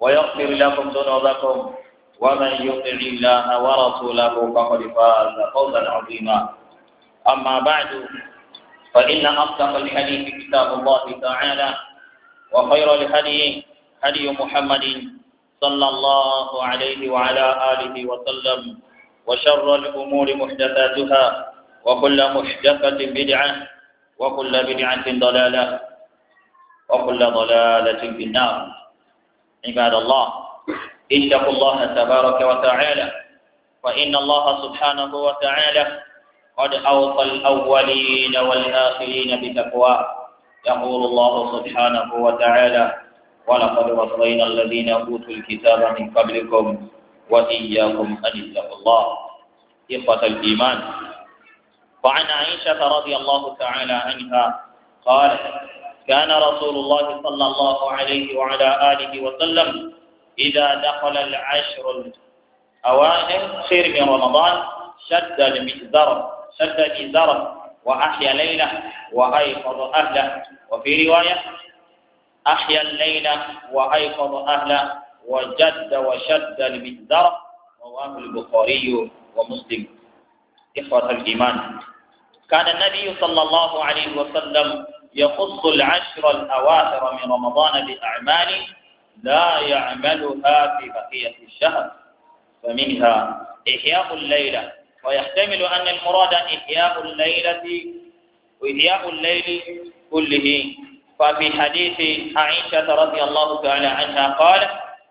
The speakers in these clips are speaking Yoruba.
ويغفر لكم ذنوبكم ومن يطع الله ورسوله فقد فاز فوزا عظيما أما بعد فإن أصدق الحديث كتاب الله تعالى وخير الهدي هدي محمد صلى الله عليه وعلى آله وسلم وشر الأمور محدثاتها وكل محدثة بدعة وكل بدعة ضلالة وكل ضلالة في النار عباد الله اتقوا الله تبارك وتعالى فإن الله سبحانه وتعالى قد أوصى الأولين والآخرين بتقواه يقول الله سبحانه وتعالى ولقد وصينا الذين أوتوا الكتاب من قبلكم وإياكم أن اتقوا الله إخوة الإيمان وعن عائشة رضي الله تعالى عنها قال كان رسول الله صلى الله عليه وعلى آله وسلم إذا دخل العشر الأواخر خير من رمضان شد المئزر شد المئزر وأحيا ليلة وأيقظ أهله وفي رواية أحيا الليلة وأيقظ أهله وجد وشد المئزر رواه البخاري ومسلم إخوة الإيمان كان النبي صلى الله عليه وسلم يخص العشر الأواخر من رمضان بأعمال لا يعملها في بقية الشهر فمنها إحياء الليلة ويحتمل أن المراد إحياء الليلة وإحياء الليل كله ففي حديث عائشة رضي الله تعالى عنها قال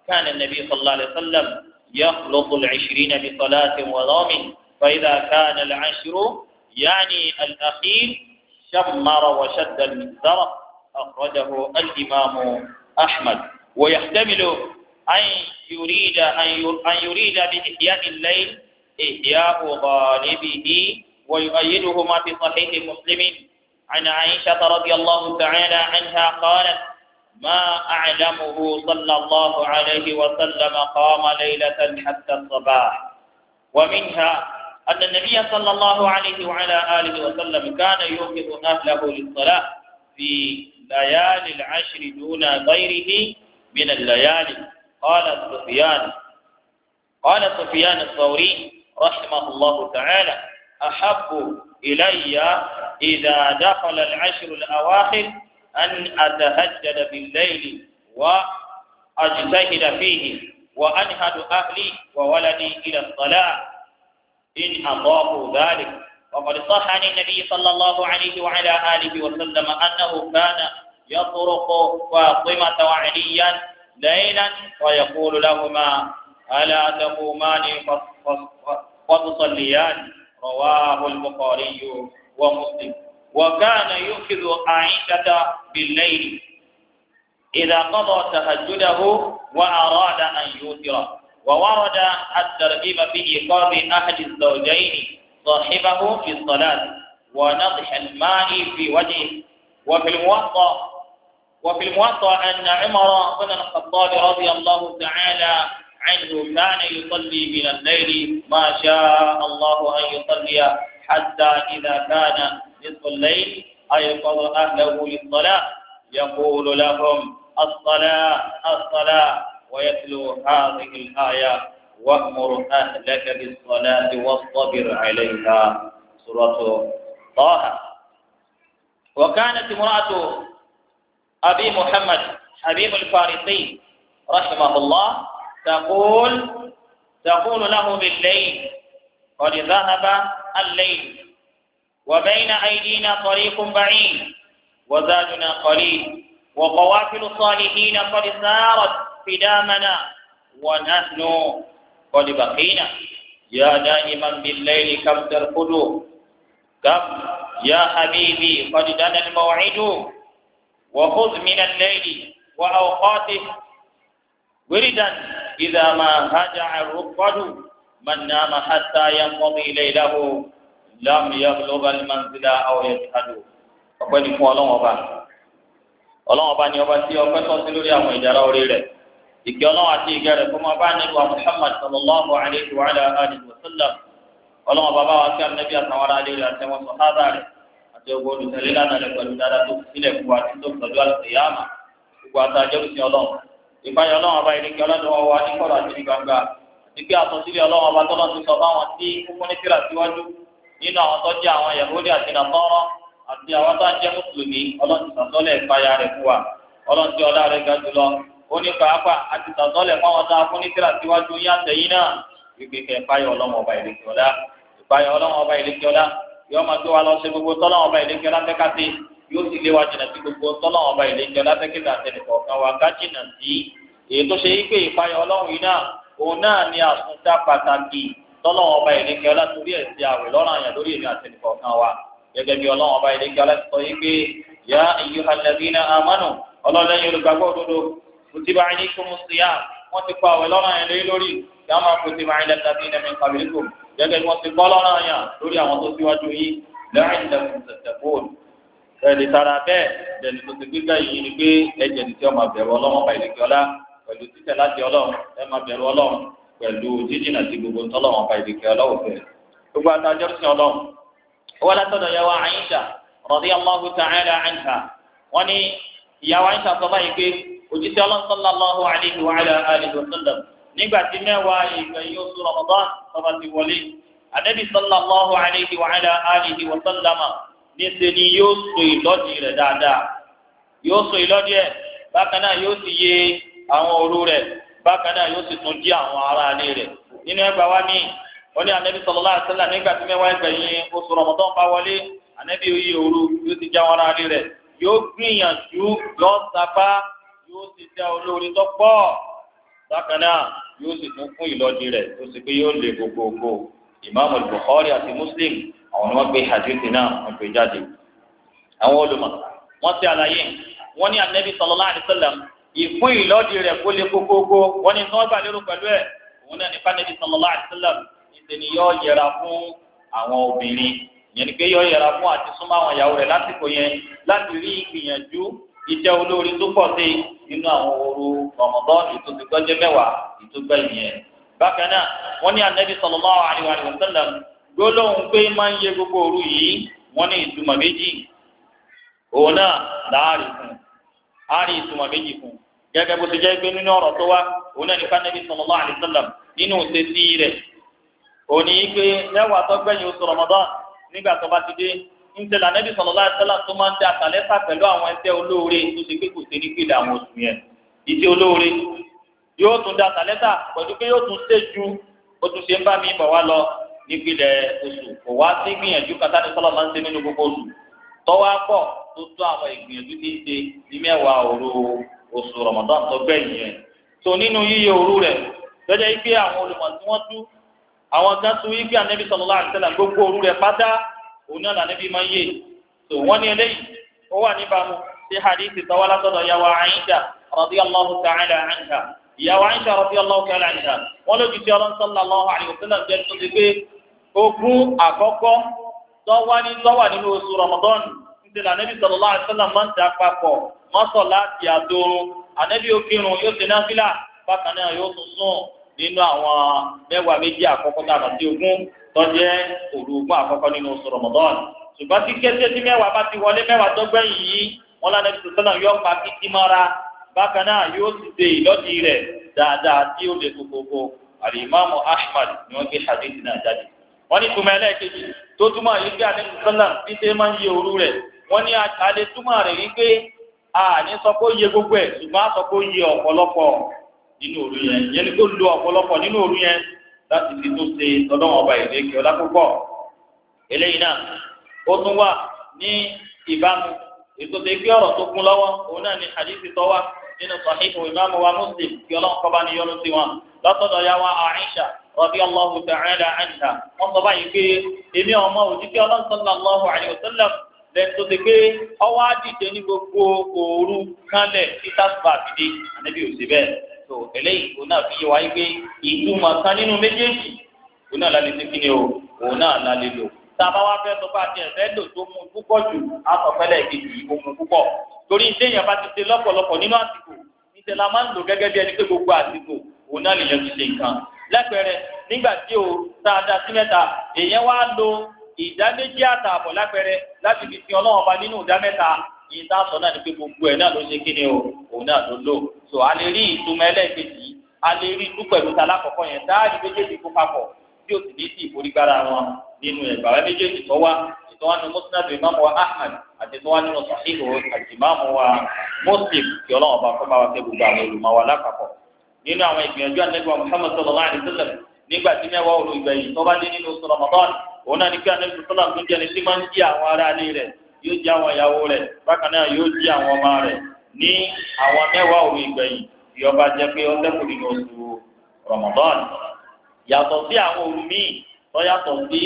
كان النبي صلى الله عليه وسلم يخلط العشرين بصلاة وضام فإذا كان العشر يعني الأخير شمر وشد المئزرة أخرجه الإمام أحمد ويحتمل أن يريد أن يريد بإحياء الليل إحياء غالبه ويؤيده ما في صحيح مسلم عن عائشة رضي الله تعالى عنها قالت ما أعلمه صلى الله عليه وسلم قام ليلة حتى الصباح ومنها أن النبي صلى الله عليه وعلى آله وسلم كان يوقظ أهله للصلاة في ليالي العشر دون غيره من الليالي قال سفيان قال سفيان الثوري رحمه الله تعالى أحب إلي إذا دخل العشر الأواخر أن أتهجد بالليل وأجتهد فيه وأنهد أهلي وولدي إلى الصلاة إن أضافوا ذلك وقد صح عن النبي صلى الله عليه وعلى آله وسلم أنه كان يطرق فاطمة وعليا ليلا ويقول لهما ألا تقومان فتصليان رواه البخاري ومسلم وكان يؤخذ عائشة بالليل إذا قضى تهجده وأراد أن يوتره وورد الترغيب في إيقاظ أحد الزوجين صاحبه في الصلاة ونضح الماء في وجهه وفي الموطأ وفي الموطأ أن عمر بن الخطاب رضي الله تعالى عنه كان يصلي من الليل ما شاء الله أن يصلي حتى إذا كان نصف الليل أيقظ أهله للصلاة يقول لهم الصلاة الصلاة ويتلو هذه الآية وأمر أهلك بالصلاة واصطبر عليها سورة طه وكانت امرأة أبي محمد حبيب الفارسي رحمه الله تقول تقول له بالليل قد ذهب الليل وبين أيدينا طريق بعيد وزادنا قليل وقوافل الصالحين قد سارت قدامنا ونحن قد بقينا يا دائما بالليل كم ترقد كم يا حبيبي قد دنا الموعد وخذ من الليل وأوقاته وردا إذا ما هجع الرقد من نام حتى ينقضي ليله لم يبلغ المنزل أو يجحد ọpẹ́ ni fún Ọlọ́run ọba Ọlọ́run ọba tí ọpẹ́ tọ́ sí lórí àwọn ìdára orí rẹ̀ ìkẹ́ ọlọ́run àti ìgẹ́ rẹ̀ fún ọba nílùú Muhammad sallallahu alayhi wa ala alihi wa sallam ọlọ́run bàbá wa kí anabi àtàwọn ará ilé rẹ̀ àti wọn sọ hábà rẹ̀ àti ogun olùtẹ̀lé lánàá rẹ̀ pẹ̀lú dáadáa tó sílẹ̀ fún wa tí tó sọ̀dọ̀ àlùkìyàmà gbogbo àtàjẹ́ òsì ọlọ́run ìbáyọ̀ ọlọ́run ọba ìrìnkẹ́ ọlọ́run wa ní kọ̀rọ̀ àti ní gbangba ìgbé àtúnṣílẹ̀ ọlọ́run ọba tọ́lọ́ ti sọ fáwọn tí àti nàtọ́rọ́ àti àwọn tó ń oní pàápàá àti tàzọ́lẹ̀ fáwọn tá a fún ní tíra síwájú yá tẹ̀yìn náà wípé kẹ ìpáyọ̀ ọlọ́mọ ọba ìlẹ́kẹ̀ọ́lá ìpáyọ̀ ọlọ́mọ ọba ìlẹ́kẹ̀ọ́lá yóò máa tó wa lọ sí gbogbo tọ́lọ́mọ ọba ìlẹ́kẹ̀ọ́lá fẹ́ ká sí yóò sì lé wa jìnnà sí gbogbo tọ́lọ́mọ ọba ìlẹ́kẹ̀ọ́lá fẹ́ kí tàtẹ̀lẹ̀ kọ̀ọ̀kan wa ká jìnnà sí èyí tó ṣe wípé ìpáyọ̀ ọlọ́run yìí náà òun náà ni àsùnta pàtàkì tọ́lọ́mọ ọba ìlẹ́kẹ̀ọ́lá torí ẹ̀ sí àwẹ̀ lọ́rọ̀ àyàn lórí amanu ọlọ́run lẹ́yìn olùgbàgbọ́ òdodo kutiba alaykumu siyam wọ́n ti pa ọ̀wẹ́ lọ́rọ̀ yẹn lé lórí yàrá kutiba ala alladhina min qablikum gẹ́gẹ́ bí wọ́n ti gbọ́ lọ́rọ̀ yẹn lórí àwọn tó síwájú yìí la'allakum tattaqun ẹ̀ẹ́dì tara bẹ́ẹ̀ bẹ̀rẹ̀ tó ti gbígbà yìí ni pé ẹ̀jẹ̀ ní tí ọmọ bẹ̀rù ọlọ́run ọba ìlẹ̀kẹ́ ọlá pẹ̀lú títẹ̀ láti ọlọ́run ẹ̀ máa bẹ̀rù ọlọ́run pẹ̀lú jíjìnà sí gbogbo ntọ́lọ́run ọba ìlẹ̀kẹ́ ọlọ́run gbogbo àtàjọ sí ọlọ́run wọ́n látọ̀dọ̀ yàwó Àìṣà radiyallahu ta'ala anha wọ́n ní ìyàwó Àìṣà sọ báyìí pé òjijì sallallahu alaihi wa ala alihi wa sallam nígbà tí mẹ́wàá ìgbẹ̀yìn oṣù Ramadan tọba ti wọlé ànábì sallallahu alaihi wa ala alihi wa sallama níṣẹ́ ni yóò so ìlọ́dì rẹ̀ dáadáa yóò so ìlọ́dì ẹ̀ bákan náà yóò sì yé àwọn òru rẹ̀ bákan náà yóò sì tún jí àwọn ará ilé rẹ̀ nínú ẹgbàá wa míì wọ́n ní anabi sallallahu alaihi nígbà tí mẹ́wàá ìgbẹ̀yìn oṣù Ramadan bá wọlé anabi yìí òru yóò ti já wọn ará ilé rẹ̀ yóò gbìyànjú lọ́sàbá yóò sì dá olórí tó pọ̀ bákan náà yóò sì tún fún ìlọ́dì rẹ̀ tó sì pé yóò lè gbogbogbò ìmáàmù Bukhari àti Muslim àwọn ni wọ́n gbé hadith náà wọ́n gbé jáde àwọn olùmọ̀ wọ́n ti àlàyé wọ́n ní anabi sallallahu alaihi wasallam ìfún ìlọ́dì rẹ̀ kó lè gbogbogbò wọ́n ní sọ́ọ́bà lérò pẹ̀lú ẹ̀ òun náà ní fanabi sallallahu alaihi wasallam ìsèlè yọ yẹra fún àwọn obìnrin yẹn pé yọ yẹra fún àti súnmọ́ àwọn ìyàwó rẹ̀ lásìkò yẹn láti rí ìgbìyànjú iṣẹ́ olórí tó pọ̀ sí nínú àwọn ooru Ramadan ètò ìgbọ́jẹ́ mẹ́wàá ètò gbẹ̀yìn bákan náà wọ́n ní anabi sallallahu alaihi wa sallam gbólóhùn pé máa ń yẹ gbogbo òru yìí wọ́n ní ìtumọ̀ méjì òun náà láàrin fún àárín ìtumọ̀ méjì fún gẹ́gẹ́ bó ti jẹ́ pé nínú ọ̀rọ̀ tó wá òun náà ní fanabi sallallahu alaihi wa sallam nínú òṣèṣì rẹ̀ òní pé mẹ́wàá tó gbẹ̀yìn oṣù Ramadan nígbà tó bá ti dé ńṣe lànàbí sallallahu alaihi wasallam tó máa ń dá àtàlẹ́sà pẹ̀lú àwọn iṣẹ́ olóore tó ṣe pé kò sí nípìnlẹ̀ àwọn oṣù yẹn iṣẹ́ olóore yóò tún dá àtàlẹ́sà pẹ̀lú pé yóò tún ṣe ju ó tún ṣe ń bá mi bọ̀ wá lọ nípìnlẹ̀ oṣù kò wá sí gbìyànjú kátàní sọlọ máa ń ṣe nínú gbogbo oṣù tọ́wá pọ̀ tó tó àwọn ìgbìyànjú tí ṣe ní mẹ́wàá òru oṣù Ramadan tó gbẹ̀yìn yẹn tó nínú yíyẹ òru rẹ̀ lọ́jọ́ yìí pé àwọn olùmọ̀ tí wọ́n tú àwọn kan alaihi wasallam gbogbo òru rẹ̀ òun náà lànà bí máa ń yè tó wọ́n ní eléyìí ó wà níbàámu sí hadithi tọ́wọ́ látọ̀dọ̀ yàwó àyíṣà radiyallahu ta'ala anha ìyàwó àyíṣà radiyallahu ta'ala anha wọ́n ló ti fi ọlọ́n sallallahu alaihi wasallam jẹ́ tó ti pé ogún àkọ́kọ́ tọ́wọ́ ní tọ́wọ́ nínú oṣù Ramadan ti la anabi sallallahu alaihi wasallam máa ń da papọ̀ mọ́sọ̀ láti àdóró anabi okirun yóò ṣe náfìlà bákan náà yóò tún sùn nínú àwọn mẹ́wàá méjì àkọ́kọ́ tá a bá ti ogún tọ́jẹ́ òdùnkún àkọ́kọ́ nínú oṣù Ramadan ṣùgbọ́n tí kété tí mẹ́wàá bá ti wọlé mẹ́wàá tó gbẹ̀yìn yìí wọn lánàá ti sọ́nà yọ pa kíkí mọ́ra bákan náà yóò ti ṣe ìlọ́dì rẹ̀ dáadáa tí ó lè kókókó àlìmáàmù Ahmad ni wọ́n gbé hadith náà jáde wọ́n ní túmọ̀ ẹlẹ́ẹ̀kejì tó túmọ̀ yìí pé àlẹ́ sọ́nà tí ṣe máa ń yẹ òru rẹ̀ wọ́n ní alẹ́ túmọ̀ rẹ̀ yìí pé àní sọ pé ó yẹ gbogbo ẹ̀ ṣùgbọ́n a sọ pé ó yẹ ọ̀pọ̀lọpọ̀ nínú òru yẹn yẹn ni kó lo ọ̀pọ̀lọpọ̀ nínú òru yẹn láti fi tó ṣe ọlọ́wọ́n ọba ìlú èkè ọlá púpọ̀ eléyìí náà ó tún wà ní ìbámu ètò tó gbé ọ̀rọ̀ tó kún lọ́wọ́ òun náà ni hadithi tọ́wà nínú sahihu imaamu wa muslim kí ọlọ́run kọ́ba ni yọ́nú sí wọn látọ̀dọ̀ ya wa aisha radiyallahu ta'ala anha wọn sọ báyìí pé èmi ọmọ òjijì ọlọ́run sallallahu alayhi wa sallam lẹ́nu tó ti gbé ọwọ́ àdìjẹ ní gbogbo òru kánlẹ̀ títà sùpà fìdí òsì bẹ́ẹ̀ tó eléyìí òun náà fi yé wa yí pé ìtumọ̀ kan nínú méjèèjì òun náà lálẹ́ síkí ni o òun náà lálẹ́ lò tába wá fẹ́ sọ pé àti ẹ̀fẹ́ lò tó mu púpọ̀ jù àtọ̀fẹ́lẹ̀ kejì ó mu púpọ̀ torí téèyàn bá ti ṣe lọ́pọ̀lọpọ̀ nínú àsìkò níṣẹ́ la máa ń lò gẹ́gẹ́ bí ẹni pé gbogbo àsìkò òun náà lèèyàn ti ṣe nǹkan lápẹẹrẹ nígbà tí o sáadá sí mẹ́ta èèyàn wá lo ìdá méjì àtààbọ̀ lápẹẹrẹ láti fi sin ọlọ́run ọba nínú ìdá mẹ́ta ìdá sọ náà ni pé gbogbo ẹ̀ náà ló ṣe kí o òun náà ló lò so a lè rí ìtumọ̀ ẹlẹ́ẹ̀kejì a lè rí ìlú pẹ̀lú ta lákọ̀ọ́kọ́ yẹn dáàrí méjèèjì kó papọ̀ tí o sì ní sí ìforígbára wọn nínú ẹ̀gbà wa méjèèjì tó wá ètò wa nínú musnadu imamu wa ahmad àti ètò wa nínú sahihu àti imamu wa muslim kí ọlọ́run ọba kó bá wa fẹ́ gbogbo àwọn olùmọ̀ wa lápapọ̀ nínú àwọn ìgbìyànjú anagba muhammad sallallahu alayhi wa sallam nígbà tí mẹ́wàá olùgbà yìí tó bá dé nínú oṣù ramadan òun náà ní kí anagba sallam tó jẹ́ ní tí máa ń jí àwọn ará ilé rẹ̀ yóò jí àwọn ìyàwó rẹ̀ bákan náà yóò jí àwọn ọmọ rẹ̀ ní àwọn mẹ́wàá òru ìgbẹ̀yìn tí ó bá jẹ́ pé ó lẹ́kùn nínú oṣù Ramadan yàtọ̀ sí àwọn òru míì tó yàtọ̀ sí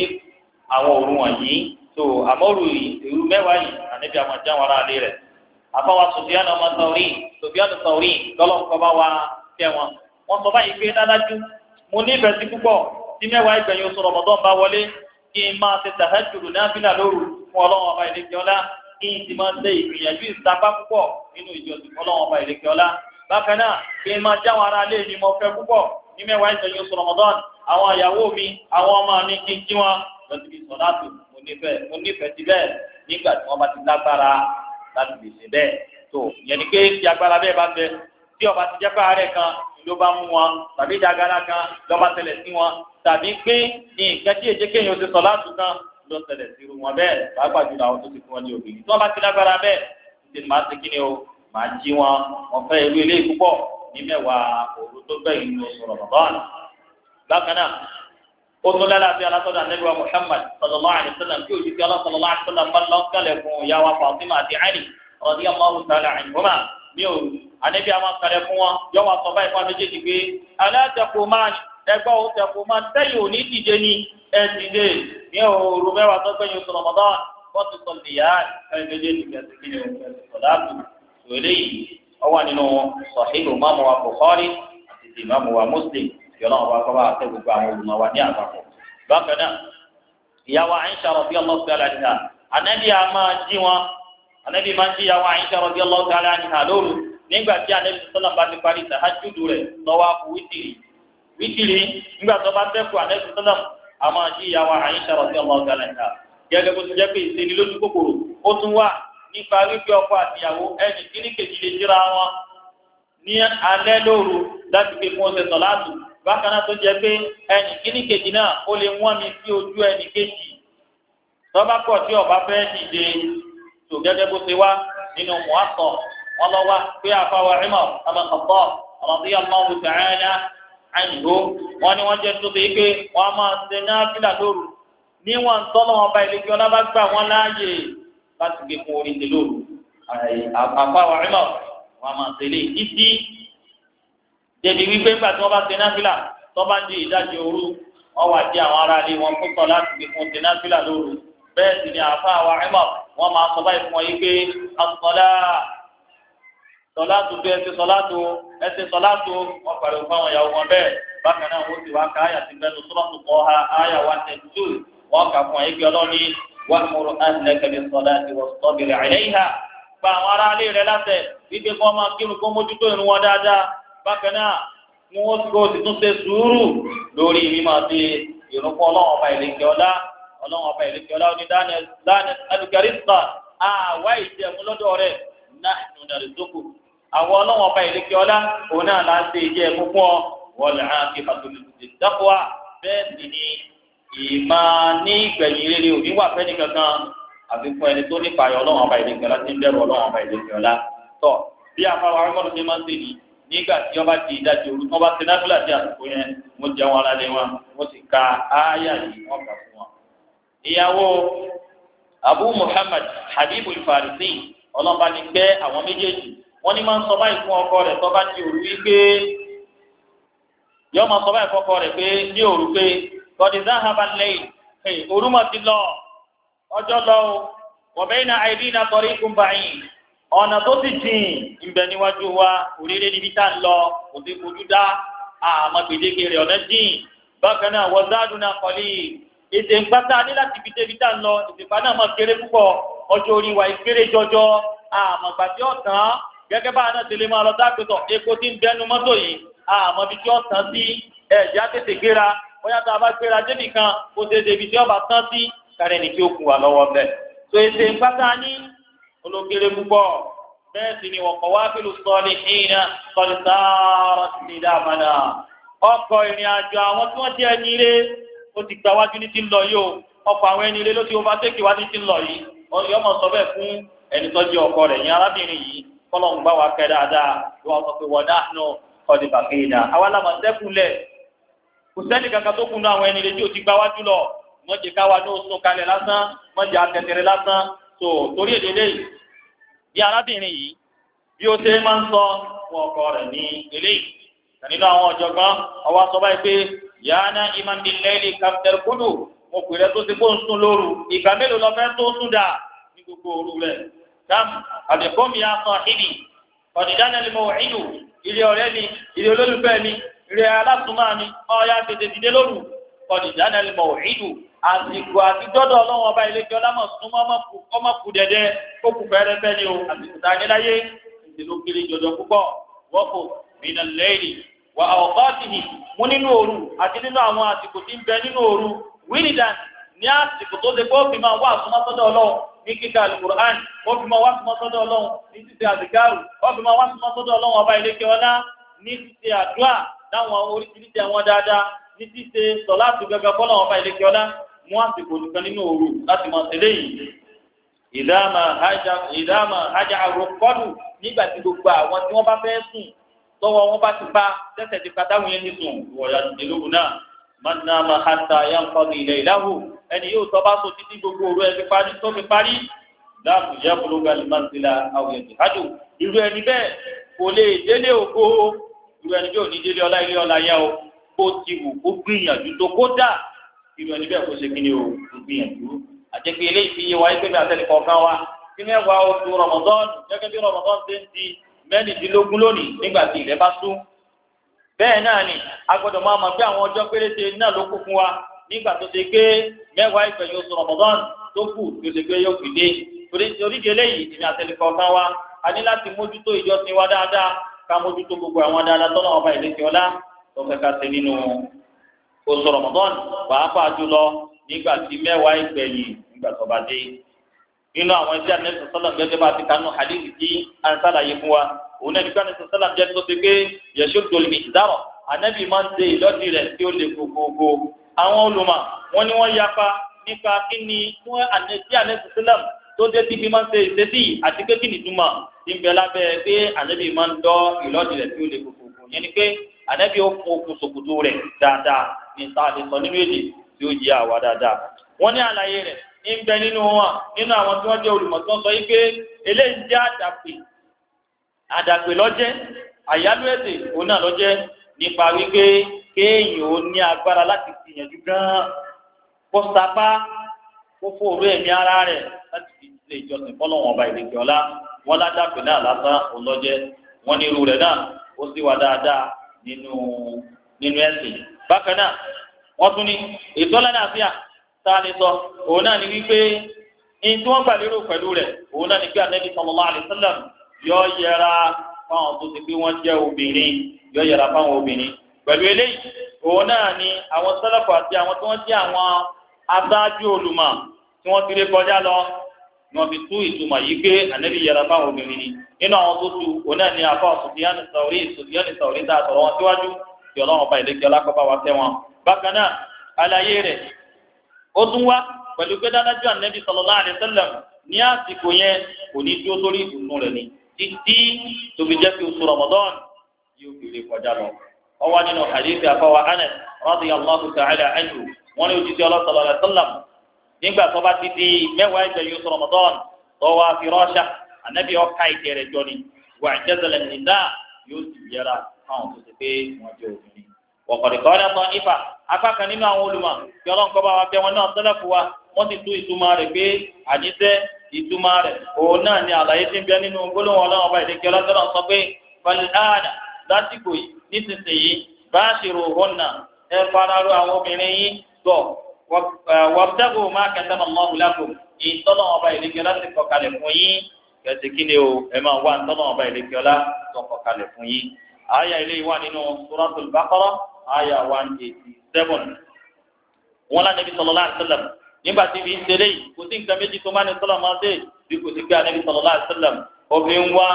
àwọn òru wọ̀nyí tó àmọ́rù ìrú mẹ́wàá yìí ànábi àwọn jáwọn ará ilé rẹ̀ afọwọ́ Sufyan ọmọ Tawri Sufyan Tawri tọ́lọ́ nǹkan bá wa tẹ̀ wọn wọn sọ báyìí pé dáadájú mo ní ìfẹ́ sí púpọ̀ tí mẹ́wàá ìgbẹ̀yìn oṣù Ramadan bá wọlé kí n máa ṣe tahajjud náà fílà kí n sì máa ṣe ìgbìyànjú ìsapá púpọ̀ nínú ìjọsìn fọlọ́wọn ọba ìrèké ọlá bákan náà kí n máa jáwọn ará ilé mi mọ fẹ́ púpọ̀ ní mẹ́wàá ìṣẹ́yìn oṣù Ramadan àwọn ìyàwó mi àwọn ọmọ mi kí n jí wọn lọ síbi sọ̀dáàtù mo nífẹ̀ẹ́ mo nífẹ̀ẹ́ ti bẹ́ẹ̀ nígbà tí wọ́n bá ti lágbára láti lè ṣe bẹ́ẹ̀ tó yẹn ni pé tí agbára bẹ́ẹ̀ bá bẹ tí ọba ti jẹ́pẹ́ ààrẹ kan ló bá mú wọn tàbí ìjàgàrà kan lọ́ba tẹ̀lẹ̀ sí wọn tàbí pé nǹkan tí èjé kéèyàn ti sọ̀dáàtù kan ló ṣẹlẹ̀ sí irú wọn bẹ́ẹ̀ pàápàá jùlọ àwọn tó ti fún wọn ní obìnrin tí wọ́n bá ti lágbára bẹ́ẹ̀ ṣe ni màá ṣe kí ni o màá jí wọn wọn fẹ́ irú ilé púpọ̀ ní mẹ́wàá òru tó gbẹ̀yìn ní oṣù rọ̀mọ̀bọ́n. bákan náà ó tún lẹ́la bí alásọ̀dọ̀ anábì wa Muhammad sallallahu alayhi wa sallam tí òjì fi alásọ̀lọ́lá àtúntàn bá lọ kálẹ̀ fún ìyá wa Fatima àti Ali radiyallahu ta'ala anhuma ní òru anábì àwọn kálẹ̀ fún wọn yọ wọn sọ báyìí fún abẹ́jẹ́jì pé aláàtẹ̀kù máa ẹgbẹ́ òun tẹ̀kù máa tẹ́yìn òní dìde ni ẹ̀ dìde nye òru mẹ́wàá tó gbẹ̀yìn oṣù Ramadan wọ́n ti sọ nìyá ẹni méjèèjì kẹsì kí ni o kẹsì sọ̀dáàtù ìwélé yìí ọwọ́ nínú sọ̀hìn ìmáàmù wa Bukhari àti ti ìmáàmù wa Muslim yọ̀nà ọba kọ́ bá tẹ gbogbo àwọn olùmọ̀ wa ní àpapọ̀. bákan náà ìyàwó Aisha anabi a máa jí wọn anabi máa jí ìyàwó lóru nígbà tí anabi sọ́nà bá ti parí rẹ̀ lọ́wọ́ àpò wítìrì wítìrì nígbà tó bá tẹ́kù anabi a máa jí ìyá wa Àìṣà radiyallahu ta'ala anha gẹ́gẹ́ bó ti jẹ́ pé ìṣeni lójú kòkòrò ó tún wà nípa wípé ọkọ àtìyàwó ẹnì kíní kejì lè jíra wọn ní alẹ́ lóru láti pé fún ọ̀sẹ̀ sọ̀láàtù bákan náà tó jẹ́ pé ẹnì kíní kejì náà ó lè wọ́n mi sí ojú ẹnì kejì tọ́ba pọ̀ tí ọba fẹ́ dìde tó gẹ́gẹ́ bó ṣe wá nínú mùwàsọ̀ wọn lọ wá pé àfàwọ̀ ẹ̀mọ̀ ọmọ kọ̀ọ̀kọ̀ àyìnbó wọn ni wọn jẹ tó ṣe pé wọn máa ṣe náfìlà lóru níwọn tọ́lọ́ wọn bá ilé kí ọlá bá gbà wọn láàyè láti gbé fún orin tẹ lóru àpapọ̀ àwọn ẹ̀rọ wọn máa ṣe lé títí débi wípé nígbà tí wọn bá ṣe náfìlà tó bá di ìdajì òru wọn wá di àwọn ará ilé wọn púpọ̀ láti gbé fún ṣe náfìlà lóru bẹ́ẹ̀ sì ni àpapọ̀ àwọn ẹ̀rọ wọn máa sọ báyìí fún ọ yí pé àtúntọ́lá sọláàtù bí ẹsẹ sọláàtù ẹsẹ sọláàtù wọn pariwo fáwọn ìyàwó wọn bẹ́ẹ̀ bákan náà wọn ti wá ká àyà ti bẹnu sọlọtù kọ ha àyà wa tẹ tù wọn kà fún ẹgbẹ ọlọni wà múru ahlẹkẹ bí sọláàtù wọ sọbìrì àìlẹyìhà gba àwọn ará ilé rẹ láṣẹ wípé kó máa kírun kó mójútó ìrun wọn dáadáa bákan náà ni wọn ti kó o ti tún ṣe sùúrù lórí mímọ sí ìrun fún ọba ìlẹkẹ ọlá Ọlọ́run ọba ìlẹkẹ ọlá àwọn ọlọ́wọ́n ọba ìlékè ọlá òun náà là ń ṣe ìjẹ́ ẹ̀mú fún ọ wọ́n lè hàn kí pàtóbi ti dákọ́wà bẹ́ẹ̀ sì ni ìmọ̀ ní ìgbẹ̀yìn rere òní wà fẹ́ni kankan àfi fún ẹni tó nípa ayọ̀ ọlọ́wọ́n ọba ìlékè ọlá ti ń bẹ̀rù ọlọ́wọ́n ọba ìlékè ọlá tọ́ bí afáwọn arúgbọ́n ti máa ń ṣe nìyí nígbà tí wọ́n bá ti ìdájọ́ olú wọ́n ti náfìlà àsìkò yẹn wọ́n jẹ wọn lálẹ́ wọn wọ́n sì ka ááyà yìí wọ́n kà fún wọn. ìyàwó abu muhammad habibu farisi ọlọ́ba ni gbẹ́ àwọn méjèèjì wọ́n ní máa ń sọ báyìí fún ọkọ rẹ̀ tọ́ bá ti òru wípé yọ máa sọ báyìí fọkọ rẹ̀ pé ní òru pé gọdí záhàbà lẹ́yìn ẹ̀ òru mà ti lọ ọjọ́ lọ o wọ̀bẹ́yìn náà àìrí iná tọrí ikún báyìí ọ̀nà tó ti jìn ìbẹ̀ níwájú wa òrèrè níbi tá ń lọ kò sí fojú dá àmọ́ gbèdéke rẹ̀ ọ̀nà jìn bákan náà wọ́n záàdùn náà kọ́lé ètè ń pátá ní láti fi débi tá ń lọ ìsìnkú náà máa kéré púpọ̀ ọjọ́ orí wa ìkéré jọjọ àmọ̀gbàdì ọ̀tàn gẹ́gẹ́ bá àná ti lè máa lọ dápẹ́tọ̀ epo tí ń bẹnu mọ́tò yìí àmọ́ ibi tí ó tán sí ẹ̀jẹ̀ á tètè gbéra bóyá tá a bá gbéra débì kan ó ṣe é débi tí ó bá tán sí kárẹ́ ni kí ó kù wá lọ́wọ́ bẹ́ẹ̀. tó ètè ń pátá ní olókèrè púpọ̀ bẹ́ẹ̀ sì ni wọ̀kọ̀ wá fìlú sọ́ọ̀lì ìhìnà sọ́ọ̀lì sáárọ̀ sí ní dáàmàdà. ọkọ̀ ìrìn àjò àwọn tí wọ́n ti ẹni ilé ó ti gbà wájú ní ti ń lọ yìí o ọkọ̀ àwọn ẹni ilé ló ti overtake wájú ti ń lọ yìí ọmọ sọ bẹ́ẹ̀ fún ẹni ọkọ rẹ̀ ní arábìnrin yìí kọlọ́n gbá wa kẹ́ dáadáa wọ́n sọ pé wọ́n dáhùn ọdún bàbá yìí náà àwa làwọn sẹ́kùnlẹ̀ kò sẹ́ni kankan tó kunu àwọn ẹni lè tí o ti gbá wájú lọ mọ̀jẹ̀ káwa ní oṣù kalẹ̀ lásán mọ̀jẹ̀ akẹ́tẹ̀rẹ̀ lásán tó torí èdè léyìí bí arábìnrin yìí bí ó ṣe máa ń sọ fún ọkọ rẹ̀ ní eléyìí nínú àwọn ọ̀jọ̀gbọ́n ọwọ́ sọ báyìí pé yàrá iman bíi lẹ́ẹ̀lì kàmtẹ́rì kúdù mo pè rẹ tó ti kó ń sùn lóru ìgbà mélòó lọ fẹ́ tó sùn dà ní gbogbo òru rẹ̀ dam àbẹ̀kọ́mi yà sàn ìdí ọ̀dìdánilmọ̀ ìlú ilé ọ̀rẹ́ mi ilé olólùfẹ́ mi ilé alásùnmá mi ọ̀ya tètè dìde lóru ọ̀dìdánilmọ̀ ìlú àsìkò àti dọ́dọ̀ ọlọ́wọ́n ọba ìlẹ́jọ́ lámọ̀ súnmọ́ ọmọ kù dẹ̀dẹ̀ ó kù fẹ́rẹ́fẹ́ ni o àsìkò tá a ní láyé ìdìlú kiri jọjọ púpọ̀ wọ́pọ̀ mìíràn lẹ́yìn wà ọ̀kọ́tìhì mú nínú òru àti nínú àwọn àsìkò tí ń bẹ nínú òru wíìnìdàn ní àsìkò tó ṣe pé ó fi máa wá àsúnmọ́sọ́dọ̀ ọlọ́wọ́ ní kíkà alukur'an wọ́n fi máa wá súnmọ́ sọ́dọ̀ ọlọ́run ní títí àdìgáàrù wọ́n fi máa wá súnmọ́ sọ́dọ̀ ọlọ́run ọba ìlékè ọlá ní títí àdúrà láwọn oríṣiríṣi àwọn dáadáa ní títí sọ̀láàtù gẹ́gẹ́ fọ́lọ́ ọba ìlékè ọlá mú àsìkò nìkan nínú òru láti máa tẹ̀lé yìí. ìdáàmà hajà àròkọ́dù nígbà tí gbogbo àwọn tí wọ́n bá fẹ́ sùn tọwọ́ wọn bá ti bá tẹ́tẹ̀ ti pàtàkùn yẹn ní sùn wọ̀yà ìlú náà ẹni yóò tọ́ bá so títí gbogbo òru ẹni parí tó fi parí láàbù yẹ kó ló ga lè máa ń tila àwòyẹ jihadu irú ẹni bẹ́ẹ̀ kò lè délé ògo irú ẹni bẹ́ẹ̀ ò ní délé ọlá ilé ọlá yẹn o kó ti wù kó gbìyànjú tó kó dà irú ẹni bẹ́ẹ̀ kó ṣe kí ni o kó gbìyànjú àjẹpẹ́ eléyìí fi yé wa ẹgbẹ́ mi àtẹnìkọ̀ kan wa kí mẹ́wàá oṣù rọmọdán gẹ́gẹ́ bí rọmọdán ṣe ń di mẹ́rìndínlógún lónìí nígbà tí ilẹ̀ bá sún bẹ́ẹ̀ náà ni a gbọ́dọ̀ máa mọ̀ pé àwọn ọjọ́ péréte náà ló kún fún wa nígbà tó ṣe pé mẹ́wàá ìgbẹ̀yìn oṣù Ramadan tó kù tó ṣe pé yóò fi dé oríṣi eléyìí ìní àtẹnukọ kan wa a ní láti mójútó ìjọsìn wa dáadáa ká mójútó gbogbo àwọn dáadáa tọ́nà ọba ìlẹ́sìn ọlá tó fẹ́ ká ṣe nínú oṣù Ramadan pàápàá jùlọ nígbà tí mẹ́wàá ìgbẹ̀yìn nígbà tó bá dé nínú àwọn ẹgbẹ́ àmẹ́sọ̀ sọ́lá gẹ́gẹ́ bá ti kanú hadith tí a ń sàlàyé fún wa òun náà nígbà àmẹ́sọ̀ sọ́lá jẹ́ tó ti pé yẹ̀ṣọ́ dolmi ìdárọ̀ ànábì máa ń ṣe ìlọ́dì àwọn olùmọ̀ wọ́n ní wọ́n yapa nípa kí ni wọ́n ànẹ́bí ànẹ́bí sílẹ̀m tó dé tí fi máa ń ṣe ìṣesí àti pé kí ni túmọ̀ ti ń pé ànẹ́bí máa ń dọ́ ìlọ́dì rẹ̀ tí ó le kòkòkò yẹn ni pé ànẹ́bí ó kun okùn ṣòkòtò rẹ̀ dáadáa ní ta lè sọ nínú èdè tí ó yé àwa dáadáa wọ́n ní àlàyé rẹ̀ ń bẹ nínú wọn nínú àwọn tí wọ́n jẹ́ olùmọ̀ tí wọ́n sọ yìí pé eléyìí jẹ́ àdàpè àdàpè lọ́jẹ́ kéèyàn ó ní agbára láti gbìyànjú gan-an kó sapá kó fòrò ẹ̀mí ara rẹ̀ láti fi ilé ìjọsìn fọlọ́wọ́n ọba ìrèké ọ̀la wọn ládàpẹ̀ náà lásán ọlọ́jẹ́ wọn ní irú rẹ̀ náà ó sì wà dáadáa nínú nínú ẹ̀sìn bákan náà wọ́n tún ní ìtọ́lá náà fíà tá a lè sọ òun náà ní wípé ní tí wọ́n gbà lérò pẹ̀lú rẹ̀ òun náà ní pé Ànábì sallallahu alaihi yọ yẹra fáwọn tó ti pé wọ́n jẹ́ obìnrin yọ yẹra fáwọn obìnrin pẹ̀lú eléyìí òun náà ni àwọn sálàfù àti àwọn tí wọ́n jẹ́ àwọn adájú olùmọ̀ tí wọ́n ti rí kọjá lọ ni wọ́n fi tú ìtumọ̀ yìí pé ànábì yẹra fáwọn obìnrin ni nínú àwọn tó tu òun náà ni afa sùfìyàn sàwórí sùfìyàn sàwórí tá a sọ̀rọ̀ wọn síwájú tí ọlọ́run ọba ìlẹ́kẹ́ ọlákọ́bá wa tẹ́ wọn. bákan náà àlàyé rẹ̀ ó tún wá pẹ̀lú pé dáadájú ànábì sallallahu alaihi wasallam ní àsìkò yẹn kò ní dúró ọwọ́ nínú hadith àfọwọ́ Anas radiyallahu ta'ala anhu wọ́n ní òjijì sallallahu alaihi wasallam nígbà tó bá ti di mẹ́wàá ìgbẹ̀yìn oṣù Ramadan tó wá fi rọ́ṣà ànábì ọ̀ka ìtẹ̀rẹ̀ jọ ni wà ìjẹ́sẹ̀lẹ̀ nìdá yóò sì yẹra fáwọn tó ti pé wọ́n jẹ́ obìnrin. wọ̀kọ̀dìkọ́ ọ̀dà tán ifá apá kan nínú àwọn olùmọ̀ tí ọlọ́nkọ́ bá wa bẹ́ wọn náà nísinsìnyí bashiruhunna ẹ fararó àwọn obìnrin yín gbọ́ wabtagu ma kataba Allahu lakum ìtọ́nà ọba ìlẹ́kẹ̀ọ́lá ti kọkalẹ̀ fún yín kẹsì kí ni o ẹ máa wá ìtọ́nà ọba ìlẹ́kẹ̀ọ́lá tó kọkalẹ̀ fún yín. àyà ilé wa nínú suratul Baqara àyà one eighty seven. wọn lá Nabi sallallahu alaihi wasallam nígbà tí fi ń ṣeré yìí kò sí nǹkan méjì tó máa ní sọlọ máa ṣe bí kò sí pé Nabi sallallahu alaihi wasallam obìnrin wa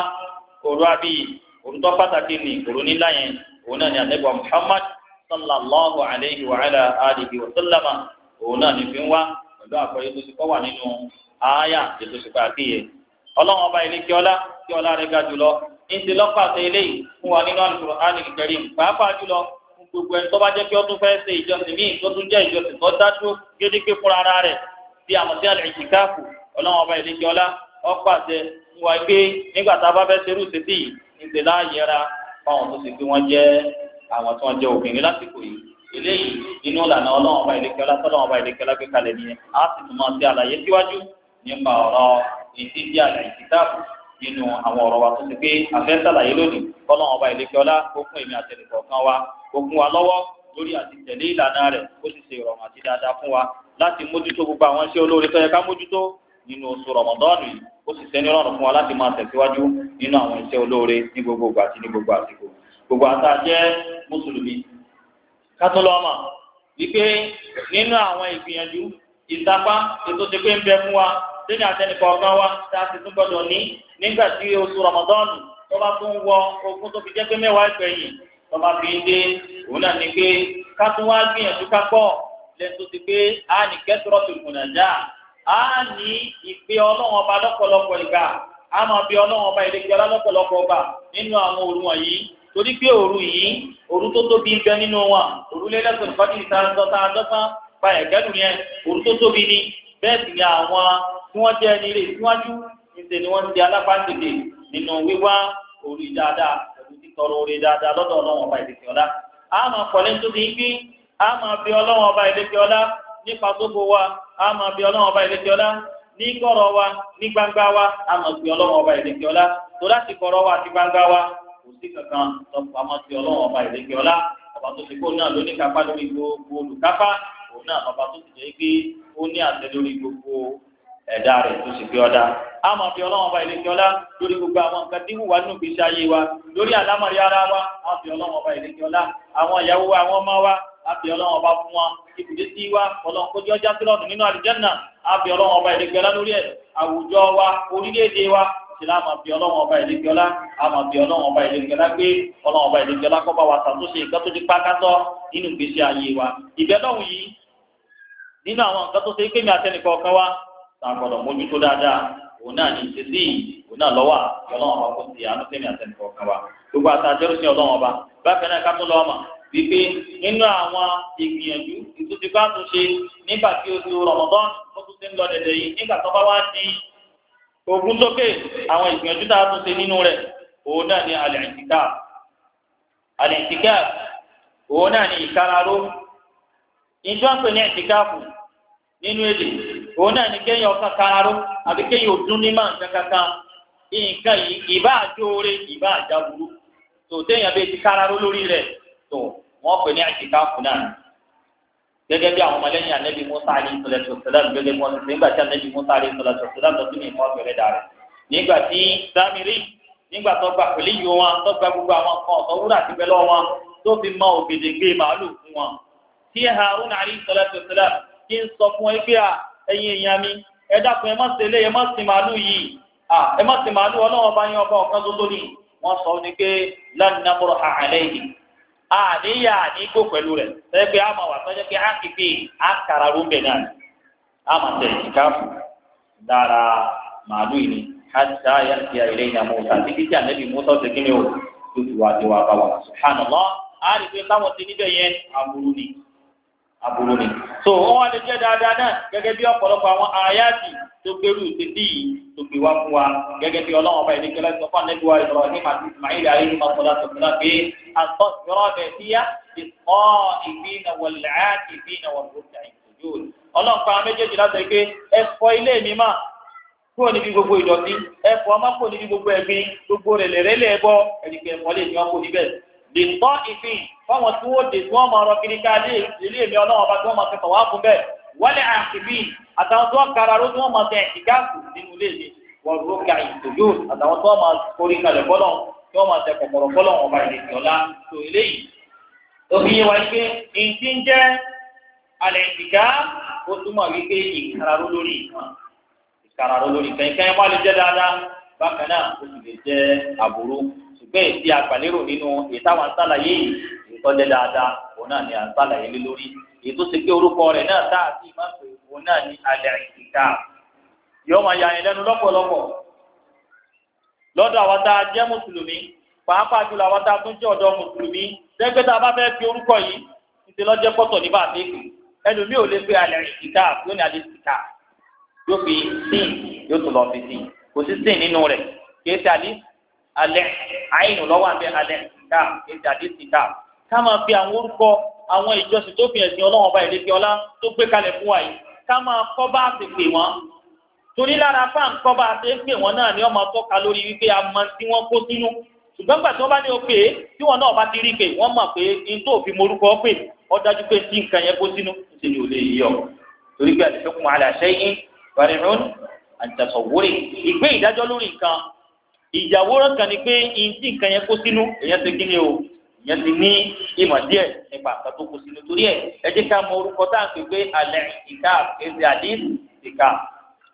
òru abiyì òrùtọ́ pàtàkì ni òru nílá òun náà ni ànábì Muhammad sallallahu alayhi wa ala alihi wa sallama òun náà ni fi ń wá pẹ̀lú àkọyé tó ti kọ́ wà nínú àáyà ètò ìṣùpá àkíyè ọlọ́run ọba ilé kí ọlá kí ọlá rẹ̀ ga jùlọ ìṣe lọ́pàṣẹ eléyìí fún wa nínú Al-Qur'ani Karim pàápàá jùlọ fún gbogbo ẹni tó bá jẹ́ kí ó tún fẹ́ ṣe ìjọsìn míì tó tún jẹ́ ìjọsìn tó dájú gédégbé fúnra ara rẹ̀ bí àmọ̀tí àlẹ́kìkáàfù ọlọ́run ọba ilé kí ọlá fún wa pé nígbà tá a bá fẹ́ ṣerú ṣètì ìṣe láàyè ra fáwọn tó ti pé wọ́n jẹ́ àwọn tí wọ́n jẹ́ obìnrin lásìkò yìí eléyìí inú ìlànà ọlọ́run ọba ìlẹ́kẹ́ ọlá tọ́lọ́run ọba ìlẹ́kẹ́ ọlá gbé kalẹ̀ nìyẹn á sì tún máa ṣe àlàyé síwájú nípa ọ̀rọ̀ ètí jẹ́ àlàyé kìtáàbù nínú àwọn ọ̀rọ̀ wa tó ti pé afẹ́ sàlàyé lónìí kọ́lọ́run ọba ìlẹ́kẹ́ ọlá ó fún èmi àtẹnìkọ̀ọ̀kan wa ó fún wa lọ́wọ́ lórí àti tẹ̀lé ìlànà rẹ̀ ó sì ṣe ìrọ̀rùn àti dáadáa fún wa láti mójútó gbogbo àwọn iṣẹ́ olóore tó yẹ ká mójútó nínú oṣù rọmọdọ́ọ̀nù yìí ó sì ṣe ní rọrùn fún wa láti máa tẹ̀síwájú nínú àwọn iṣẹ́ olóore ní gbogbo ìgbà àti ní gbogbo àsìkò gbogbo àtà jẹ́ mùsùlùmí kátólọ́mà wípé nínú àwọn ìgbìyànjú ìsapá ètò ti pé ń bẹ fún wa lẹ́yìn àtẹnìkọ̀ ọ̀gá wa tá a ti tún gbọ́dọ̀ ní nígbà tí oṣù rọmọdọ́ọ̀nù tó bá tún wọ ogún tó fi jẹ́ pé mẹ́wàá ìgbẹ̀yìn tó bá fi ń dé òun náà ni pé ká wá gbìyànjú ká pọ̀ á ní ìpè ọlọ́run ọba lọ́pọ̀lọpọ̀ ìgbà á máa bí ọlọ́run ọba ìdíje ọlá lọ́pọ̀lọpọ̀ ọba nínú àwọn òru wọ̀nyí torí pé òru yìí òru tó tóbi ń bẹ nínú wọn òru lẹ́lẹ́sọ̀ nípàdé ìtàdọ́ta pa ẹ̀gẹ́dùn yẹn òru tó tóbi ni bẹ́ẹ̀ sì ni àwọn tí wọ́n jẹ́ ẹni síwájú níṣe ni wọ́n ti alábàtìlè nínú wíwá òru dáadáa pẹ̀lú nípa gbogbo wa a máa bí ọlọ́run ọba ìlẹ́kẹ́ ọlá ní kọ̀rọ̀ wa ní gbangba wa a máa bí ọlọ́run ọba ìlẹ́kẹ́ ọlá tó láti kọ̀rọ̀ wa àti gbangba wa kò sí kankan tó pamọ́ sí ọlọ́run ọba ìlẹ́kẹ́ ọlá ọba tó ti kó náà lóní kápá lórí gbogbo olùkápá òun náà ọba tó ti jẹ́ pé ó ní àṣẹ lórí gbogbo ẹ̀dá rẹ̀ tó sì gbé ọ̀dà a máa bí ọlọ́run ọba ìlẹ́kẹ́ ọlá lórí gbogbo àwọn nǹkan tí wùwà nínú ìgbésí ayé wa lórí àlámọ̀rí ara wa a bí ọlọ́run ọba ìlẹ́kẹ́ ọlá àwọn ìyàwó wa àwọn ọmọ wa a bí ọlọ́run ọba fún wọn ibùdó sí wa ọlọ́nkó jẹ́ ọjà sílọ̀nù nínú àlùjánnà àbí ọlọ́run ọba ìdẹ́gbẹ́lá lórí ẹ̀ àwùjọ wa orílẹ̀-èdè wa ìsìlámà bí ọlọ́run ọba ìdẹ́gbẹ́lá àmà bí ọlọ́run ọba ìdẹ́gbẹ́lá gbé ọlọ́run ọba ìdẹ́gbẹ́lá kọ́ bá wa ṣàtúnṣe nǹkan tó ti pákátọ́ nínú ìgbésí ayé wa ìbẹ́lọ́hùn yìí nínú àwọn nǹkan tó ṣe é kémi àtẹnìkọ̀ kan wa tàgbọ̀dọ̀ mójútó dáadáa òun náà ní ìṣesí òun náà lọ́wọ́ ọlọ́run ọba kò sí àánú kémi àtẹnìkọ̀ kan wa gbogbo àtàjẹ́rù sí ọlọ́run ọba bákan náà ká tó lọ́ọ́ wípé nínú àwọn ìgbìyànjú ìtútù bá tún ṣe nígbà tí oṣù rọmọdán tó tún ti ń lọ dẹ̀dẹ̀ yìí nígbà tó bá wá di ogún sókè àwọn ìgbìyànjú tá a tún ṣe nínú rẹ̀ òun náà ni alẹ́ ìtìká alẹ́ ìtìká òun náà ni ìkararó ìjọ ń pè ní ìtìkáàfù nínú èdè òun náà ni kéèyàn ọkàn kararó àbí kéèyàn òdún ní máa ń kankan nǹkan yìí ìbá àjóore ìbá àjáburú tòtẹ́yìn abẹ́ ti kararó lórí rẹ̀ wọ́n pè ní àtìkáfù náà gẹ́gẹ́ bí àwọn ọmọlẹ́yìn anabi musa ali sọlẹtọ sọlẹm gẹ́gẹ́ bí wọ́n ti nígbà tí anabi musa ali sọlẹtọ sọlẹm lọ sínú ìfọ ọbẹrẹ dàrẹ nígbà tí samiri nígbà tó gba pẹ̀lú iye wọn tó gba gbogbo àwọn kan ọ̀tọ̀ wúrà ti bẹlẹ wọn tó fi mọ ògèdè gbé màálù fún wọn tí haruna ali sọlẹtọ sọlẹm kí n sọ fún ẹgbẹ ẹ̀yin èèyàn mi ẹ dákun ẹ má ṣe lé ẹ má sin màálù yìí ẹ má sin màálù ọlọ́wọ́n bá yín ọba àníyà ya pẹ̀lú rẹ̀ sẹ́yìn pé àmọ̀ wà sọ́jọ́ pé á ti pè á kàrà rúmbẹ̀ náà àmọ̀ tẹ̀ ìjìká dára màálù ìní hàtà yàtì àìlẹ́ ìyá mọ́tà títí tí ànẹ́bí mọ́tà ti kí ni o tó ti wá ti wá bá wa aburú ni. so wọn wá lè jẹ dáadáa náà gẹ́gẹ́ bí ọ̀pọ̀lọpọ̀ àwọn àyàtì tó gbèrú títí yìí tó gbé wá fún wa gẹ́gẹ́ bí Ọlọ́run ọba ìdíkẹ lọsọ fún anẹgbẹwà Ibrahim àti Ismail alayhi masola sọfúnla pé àtọ yọrọ bẹ sí yá ìkọ ìbínà wọlẹ àti ìbínà wọlọsà ìtòjú Ọlọ́run pa méjèèjì láti pé ẹfọ ilé mi mà kúrò níbi gbogbo ìdọ̀tí ẹfọ ọmọ kúrò níbi gbogbo ẹ̀gbin gbogbo rẹ̀ lẹ̀rẹ̀ lẹ̀ bọ́ lè tọ́ ìfín fáwọn tí wọ́n dé tí wọ́n máa rọ kiri ká ilé mi ọlọ́run ọba tí wọ́n máa fi tọ̀wá fún bẹ́ẹ̀ wọlé àkìbí àtàwọn tí wọ́n kara ló tí wọ́n máa tẹ ìgáàkù nínú ilé mi wọ́n ró ka ìtòjú àtàwọn tí wọ́n máa forí kalẹ̀ bọ́lọ̀ tí wọ́n máa tẹ kọ̀kọ̀rọ̀ bọ́lọ̀ ọba ìrètí ọ̀la tó eléyìí òfin bákan náà ó sì lè jẹ́ àbúrò ṣùgbọ́n èsì àgbàlérò nínú ìtawà ń sàlàyé yìí ìtọ́jẹ́ dáadáa òun náà ni à ń sàlàyé lé lórí ètò ṣe pé orúkọ rẹ̀ náà tá a ti òun náà ni alẹ́ ìkà yóò máa yàrin lẹ́nu lọ́pọ̀lọpọ̀ lọ́dọ̀ àwọn tá a jẹ́ mùsùlùmí pàápàá jùlọ àwọn tá a tún jẹ́ ọ̀dọ́ mùsùlùmí lẹ́gbẹ́ tá a bá fẹ́ fi orúkọ yìí ti lọ́jẹ́ pọ̀tọ̀ ní bá a ti kù ẹlòmíì ò lè pe alẹ́ ìkà yóò ní alẹ́ ìkà yóò fi sí yóò tún lọ fi sí kò sí sìn nínú rẹ̀ kì í ṣe àdí alẹ́ àìnù lọ́wọ́ àbẹ́ alẹ́ ká kì í ṣe àdí sí ká ká máa fi àwọn orúkọ àwọn ìjọsìn tó fi ẹ̀sìn ọlọ́wọ́n bá ìdíkẹ́ ọlá tó gbé kalẹ̀ fún wa yìí ká máa kọ́ bá a ti pè wọ́n torí lára fáà ń kọ́ bá a ti pè wọ́n náà ni wọ́n máa lórí wípé a mọ tí wọ́n kó sínú ṣùgbọ́n gbà tí bá ní o pè é tí wọ́n náà bá ti rí pé wọ́n mọ̀ pé n tó fi morúkọ pè ó dájú pé tí nǹkan yẹn kó sínú ṣe ni ò lè yí ọ torí pé àdìsẹ́kùn àlàṣẹ́yìn wàrìhún àtàsọ̀wórè ìgbé ìdájọ́ lórí nǹkan ìyàwórán kan ni pé ìdí nǹkan yẹn kó sínú èèyàn ti kíni o èèyàn ti ní ìmọ̀ díẹ̀ nípa àgbà tó kó sínú torí ẹ̀ ẹ jẹ́ ká mọ orúkọ tá à ń pè pé alẹ́ ìka èsì àdín ìka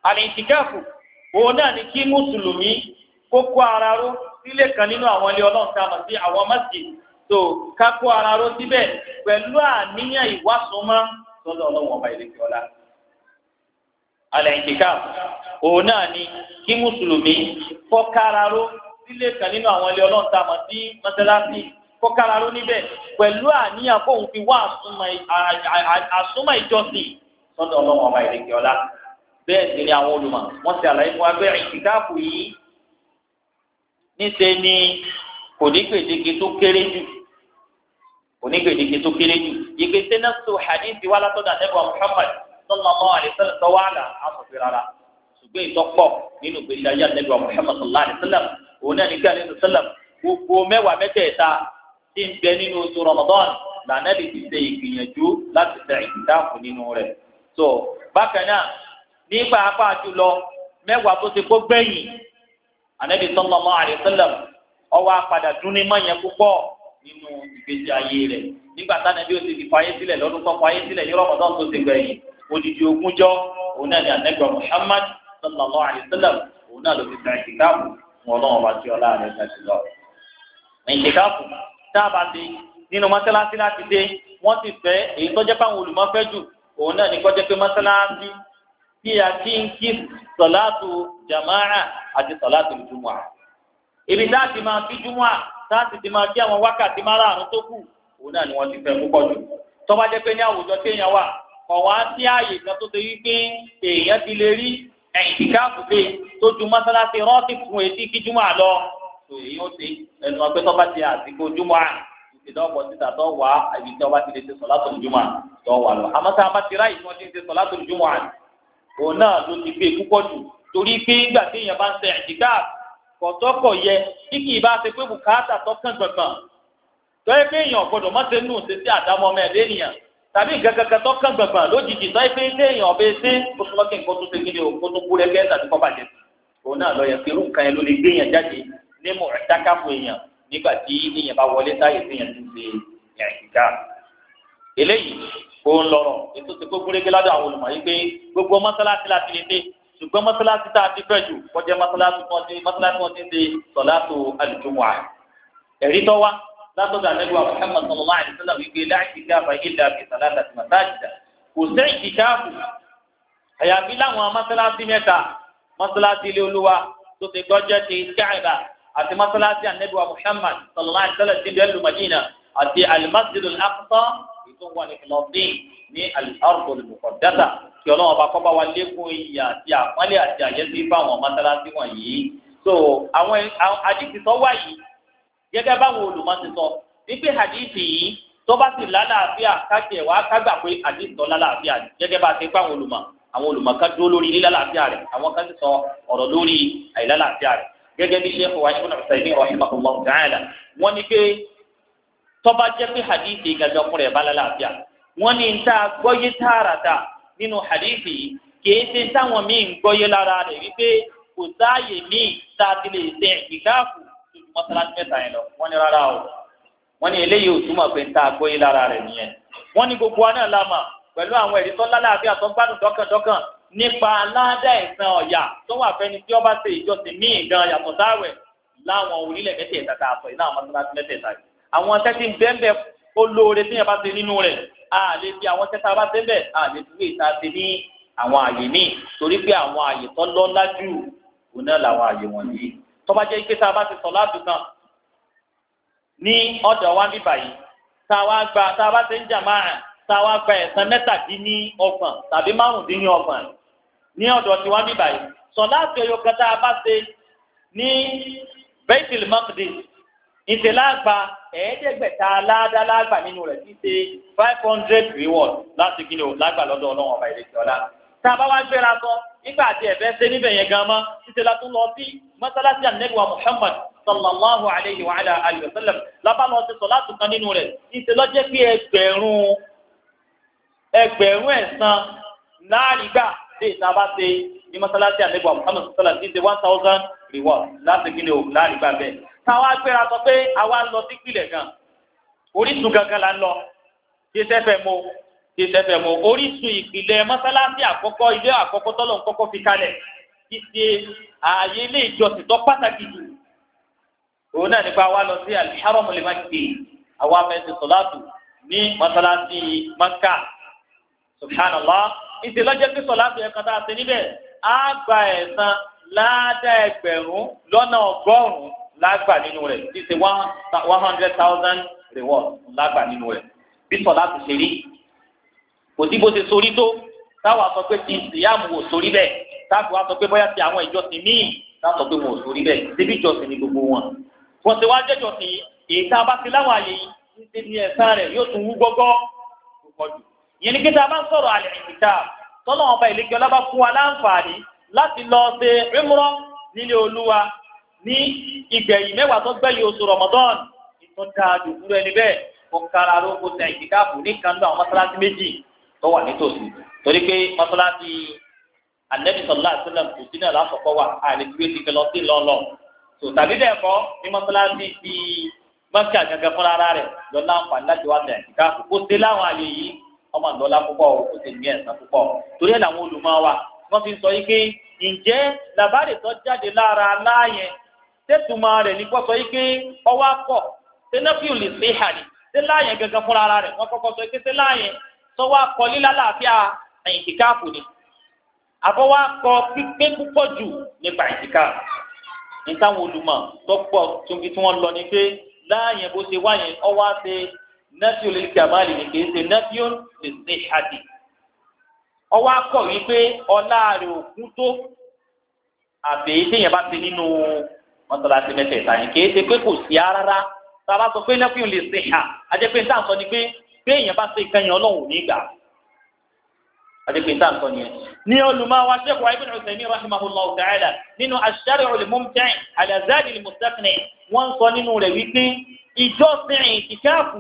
àlẹ́ ìtìkáàfù òun náà ni kí mùsùlùmí kó kó ara ró sílé kan nínú àwọn ilé ọlọ́run tá a mọ̀ sí àwọn masjid tó ká kó ara ró síbẹ̀ pẹ̀lú àníyàn ìwásùnmọ́ sọ́dọ̀ ọlọ́run al-i'tikaf òun náà ni kí mùsùlùmí fọ́káraró sílé kan nínú àwọn ilé ọlọ́run tá a mọ̀ sí mọ́sálásí fọ́káraró níbẹ̀ pẹ̀lú àníyàn kó òun fi wá àsúnmọ̀ ìjọsìn sọ́dọ̀ ọlọ́run ọba ìrèké ọlá bẹ́ẹ̀ sì ni àwọn olùmọ̀ wọ́n ti àlàyé fún abẹ́ ìtìkáàfù yìí níṣẹ́ ni kò ní gbèdéke tó kéré jù kò ní gbèdéke tó kéré jù ìgbésẹ̀ náà tó hadithi wà látọ̀dọ̀ àtẹ́kọ̀ọ́ Muhammad sallallahu alaihi wasallam tọ́wọ́ àlà àtọ̀fẹ́ rárá ṣùgbọ́n ìtọ́pọ̀ nínú ìgbésí ayé àti ẹgbẹ́ Muhammad sallallahu alaihi wasallam òun náà nígbà nínú sallam gbogbo mẹ́wàá mẹ́tẹ̀ẹ̀ta tí ń bẹ nínú oṣù Ramadan lànà lè ti ṣe ìgbìyànjú láti ṣe ìdáàbò nínú rẹ̀ so bákan náà nígbà apá jùlọ mẹ́wàá tó ti kó gbẹ̀yìn ànábì sallallahu alaihi wasallam ọwọ́ apàdà dún ní mọ̀nyẹn púpọ̀ nínú ìgbésí ayé rẹ̀ nígbà táwọn ẹbí ó ti fi fayé sílẹ̀ lọ́dún kan fayé sílẹ̀ ní Ramadan tó ti gbẹ̀yìn odidi ogúnjọ́ òun náà ni anagba Muhammad sallallahu alayhi wa sallam òun náà ló fi gba ìtìkáàfù fún ọlọ́run ọba tí ọlá rẹ̀ ga jùlọ. ìtìkáàfù tá a bá ti nínú mọ́sálásí láti dé wọ́n ti fẹ́ èyí tó jẹ́ fáwọn olùmọ́fẹ́ jù òun náà ní kó jẹ́ pé mọ́sálásí tí a ti ń kí sọ̀láàtù jàmáà àti sọ̀láàtù jùmọ̀à. ibi tá máa kí jùmọ̀à tá a ti máa kí àwọn wákàtí márààrún tó kù òun náà ni wọ́n ti fẹ́ púpọ̀ jù. tó bá jẹ́ pé ní àwùjọ tí èèyàn wà ọ̀wá sí ààyè kan tó ṣe wípé èèyàn ti lè rí ẹ̀yìn káàkùté tó ju mọ́sálásí rántí fún etí kí júmọ̀ àlọ́ tó èyí ó ṣe ẹnu ọgbẹ́ tó bá ti àsìkò júmọ̀ à ìdánwò títà tó wà ibi tí ọba ti lè ṣe sọ̀látò júmọ̀ à tó wà lọ àmọ́ tá a bá ti ráyè tí wọ́n ti ń ṣe sọ̀látò júmọ̀ à òun náà ló ti gbé púpọ̀ jù torí pé nígbà tí èèyàn bá ń ṣe ẹ̀jìká kọ̀tọ́kọ̀ yẹ kí bá ṣe pé bùkátà tọ́kàn gbọ̀ngàn tó yẹ pé èèyàn gbọ́dọ̀ mọ́ṣẹ́ nù ṣe sí àdámọ́ mẹ́ẹ̀ẹ́dẹ́nìyàn tàbí nǹkan kankan tó kàn gbàgbà lójijì tó ẹgbẹ́ téèyàn ọ̀bẹ ṣe kó tó lọ́kẹ́ nǹkan tó ṣe kíni o kó tó kú lẹ́gbẹ́ tàbí kọ́ bàjẹ́ òun náà lọ yẹ pé irú nǹkan yẹn ló lè gbé yẹn jáde ní mọ̀ ẹ̀dáká fún èèyàn nígbà tí èèyàn bá wọlé sáyè téèyàn ti ṣe ẹ̀ẹ́dìgá. eléyìí kò ń lọrọ̀ ètò tí kò gúnrégé ládọ̀ àwọn olùmọ̀ yìí pé gbogbo mọ́sálásí láti lè dé ṣùgbọ́n mọ́sálásí tá a ti fẹ́ jù kọjá mọ́sálásí wọn ti mọ́sálásí wọn ti ń ṣe sọ̀látò àlùjùmọ̀ ẹ̀rí tó wá látọ̀dọ̀ àlẹ́gbẹ̀wá Muhammad sallallahu alayhi wa sallam wípé láti káfa ilẹ̀ àti sàlátà ti màsáàjìdá kò sẹ́yìn ti káàbù àyàfi láwọn mọ́sálásí mẹ́ta mọ́sálásí ilé olúwa tó ti gbọ́jẹ́ ti káàbà àti mọ́sálásí àlẹ́gbẹ̀wá Muhammad sallallahu alayhi wa sallam ti bẹ́ẹ̀ lu Madina àti al-Masjid al-Aqsa ìtún wà ní Filistin ní al-Ardu kí so àwọn àdìsí tó gẹ́gẹ́ báwọn olùmọ ti sọ wípé hadithi yìí tó bá sì lálàáfíà kájẹ wá kágbà pé hadithi bá ti olùmọ àwọn lórí rẹ sọ lórí àìlálàáfíà gẹ́gẹ́ bí sheikh pé tó bá pé hadithi fún bá lálàáfíà ta tààràtà nínú hadithi kìí ṣe táwọn míì ń lára wípé kò sáàyè míì tá a ti lè mọ́sálásí mẹ́ta yẹn lọ wọ́n ní rárá o wọ́n ní eléyìí ò túmọ̀ pé ń ta àgbóyè lára rẹ̀ nìyẹn wọ́n ní gbogbo aná lámà pẹ̀lú àwọn ẹ̀rí tó lálàáfíà tó gbádùn dọ́kàndọ́kàn nípa aládà ẹ̀sán ọ̀yà tó wà fẹ́ni tí ó bá ṣe ìjọsìn míì gan yàtọ̀ sáwẹ̀ láwọn orílẹ̀ mẹ́tẹ̀ẹ̀ta tá a sọ ìlànà mọ́sálásí mẹ́tẹ̀ẹ̀ta yìí àwọn tẹ́tí bẹ́ẹ̀ olóore tí yẹn bá ṣe nínú rẹ̀ a lè fi àwọn tẹ́tà bá ṣe bẹ́ẹ̀ a lè fi wé ìta ṣe ní àwọn àyè míì torí pé àwọn àyè tó lọ́lá jù òun náà làwọn tọ́ba jẹ́ pé tá a bá ti sọ láti tán ní ọ̀dọ̀ wa ní báyìí tá a wá gba tá a bá ti ń jà máa tá a wá gba ẹ̀sán mẹ́tàdínlọ́gbọ̀n tàbí márùndínlọ́gbọ̀n ní ọ̀dọ̀ tiwa ní báyìí sọ láti ọyọ kan tá a bá ṣe ní Baitul Maqdis ìtẹ̀láàgbà ẹ̀ẹ́dẹ́gbẹ̀ta aládàlágbà nínú rẹ̀ ti ṣe five hundred reward láti gíní o lágbà lọ́dọ̀ ọlọ́wọ́n ọba ìrètí ọ̀la tá a bá wá gbéra sọ nígbà tí ẹ̀fẹ́ ṣe níbẹ̀ yẹn gan mọ́ títí la tún lọ sí mọ́sálásí ànẹ́bí wa Muhammad sallallahu alayhi wa ala alihi wa sallam lábá lọ sí sọ̀láàtù kan nínú rẹ̀ ìṣe lọ́jẹ́ pé ẹgbẹ̀rún ẹgbẹ̀rún ẹ̀sán náírà lè ta bá ṣe ní mọ́sálásí ànẹ́bí Muhammad sallallahu alayhi wa sallam one thousand reward láti kí ni o náírà bẹ́ẹ̀. táwa gbéra sọ pé àwa ń lọ sí ìpìlẹ̀ gan orísun gangan la ń lọ ti tẹfẹ mọ orísun ìpìlẹ̀ mọ́sálásí àkọ́kọ́ ilé àkọ́kọ́ tọlọ nkọkọ fi kalẹ̀ ti ṣe ààyè ilé ìjọsìn tó pàtàkì jù òun náà nípa wa lọ sí aliharam limaki àwa mẹsì sọláàtù ní mọ́sálásí maka subhanallah ìṣe lọ́jọ́ pé sọláàtù ẹ̀ka tá a ṣe níbẹ̀ á gba ẹ̀san láàdá ẹgbẹ̀rún lọ́nà ọgọ́rùn-ún lágbà nínú rẹ̀ ti ṣe one hundred thousand reward lágbà nínú rẹ̀ bí sọláàtù ṣe rí kò sí bó ṣe sórí tó táwa sọ pé ti ìsìyàmù ò sórí bẹ́ẹ̀ táwa sọ pé bóyá ti àwọn ìjọsìn míì táwa sọ pé wọn ò sórí bẹ́ẹ̀ síbi ìjọsìn ni gbogbo wọn. wọ́n ti wá jẹ́jọ́ sí èyí tá a bá ti láwọn àyè yìí ṣe ní ẹ̀sán rẹ̀ yóò tún wú gbọ́gbọ́ kọjú. ìyẹn ni kíta bá ń sọ̀rọ̀ àlẹ́ ìkìtà tọ́nà ọba ìlẹ́kẹ́ ọlá bá fún wa láǹfààní láti lọ ṣe rímúrọ́ nílé olúwa ní ìgbẹ̀yìn mẹ́wàá tó wà nítòsí torí pé mọ́sálásí Ànábì sallallahu alaihi wasallam kò sí náà lásọ̀kọ́ wà àlè gbé ti lọ sí lọ́lọ́ tó tàbí dẹ̀ kọ́ ní mọ́sálásí ti mọ́sí àgàgà fúnra ara rẹ̀ lọ́la àǹfààní láti wá bẹ̀rẹ̀ kíkà kó dé láwọn àyè yìí ọmọ àlọ́lá púpọ̀ ó sì ní ẹ̀sán púpọ̀ torí ẹ̀ làwọn olùmọ̀ wa wọ́n fi sọ yìí pé ǹjẹ́ làbárè tó jáde lára láàyẹn tẹ́tùmọ̀ rẹ̀ ní kọ́ sọ yìí pé ọwọ́ akọ̀ tẹ́nẹ́fíù sọ́wọ́ akọ lílálàáfíà ìtìkáàfù ni àbọ̀wọ́ akọ pípé púpọ̀ jù nípa ìtìkáàfù níta wọn olùmọ̀ tó pọ̀ tóbi tí wọ́n lọ ni pé láàyè bó ṣe wáyé ọwọ́ ṣe nẹ́tíò lè ṣe àmàlì ní kìí ṣe nẹ́tíò lè ṣe ṣáàdì ọwọ́ akọ wípé ọlá rẹ̀ òkú tó àbẹ̀ téèyàn bá ti nínú mọ́tòlásí mẹ́tẹ̀ẹ̀ta yìí kìí ṣe pé kò sí rárá tá a bá sọ pé nẹ́tíò lè ṣe ṣá ni bí èèyàn bá ṣe ìkẹyìn ọlọ́run ò ní gbà adékèntà nǹkan yẹn. ní olùmọ̀wá sheikh wa ibn Uthaymeen rahimahullah ta'ala nínú ash-Shari'u al-Mumti' ala Zadi al-Mustaqni wọ́n sọ nínú rẹ̀ wípé ìjọsìn ìtìkáàfù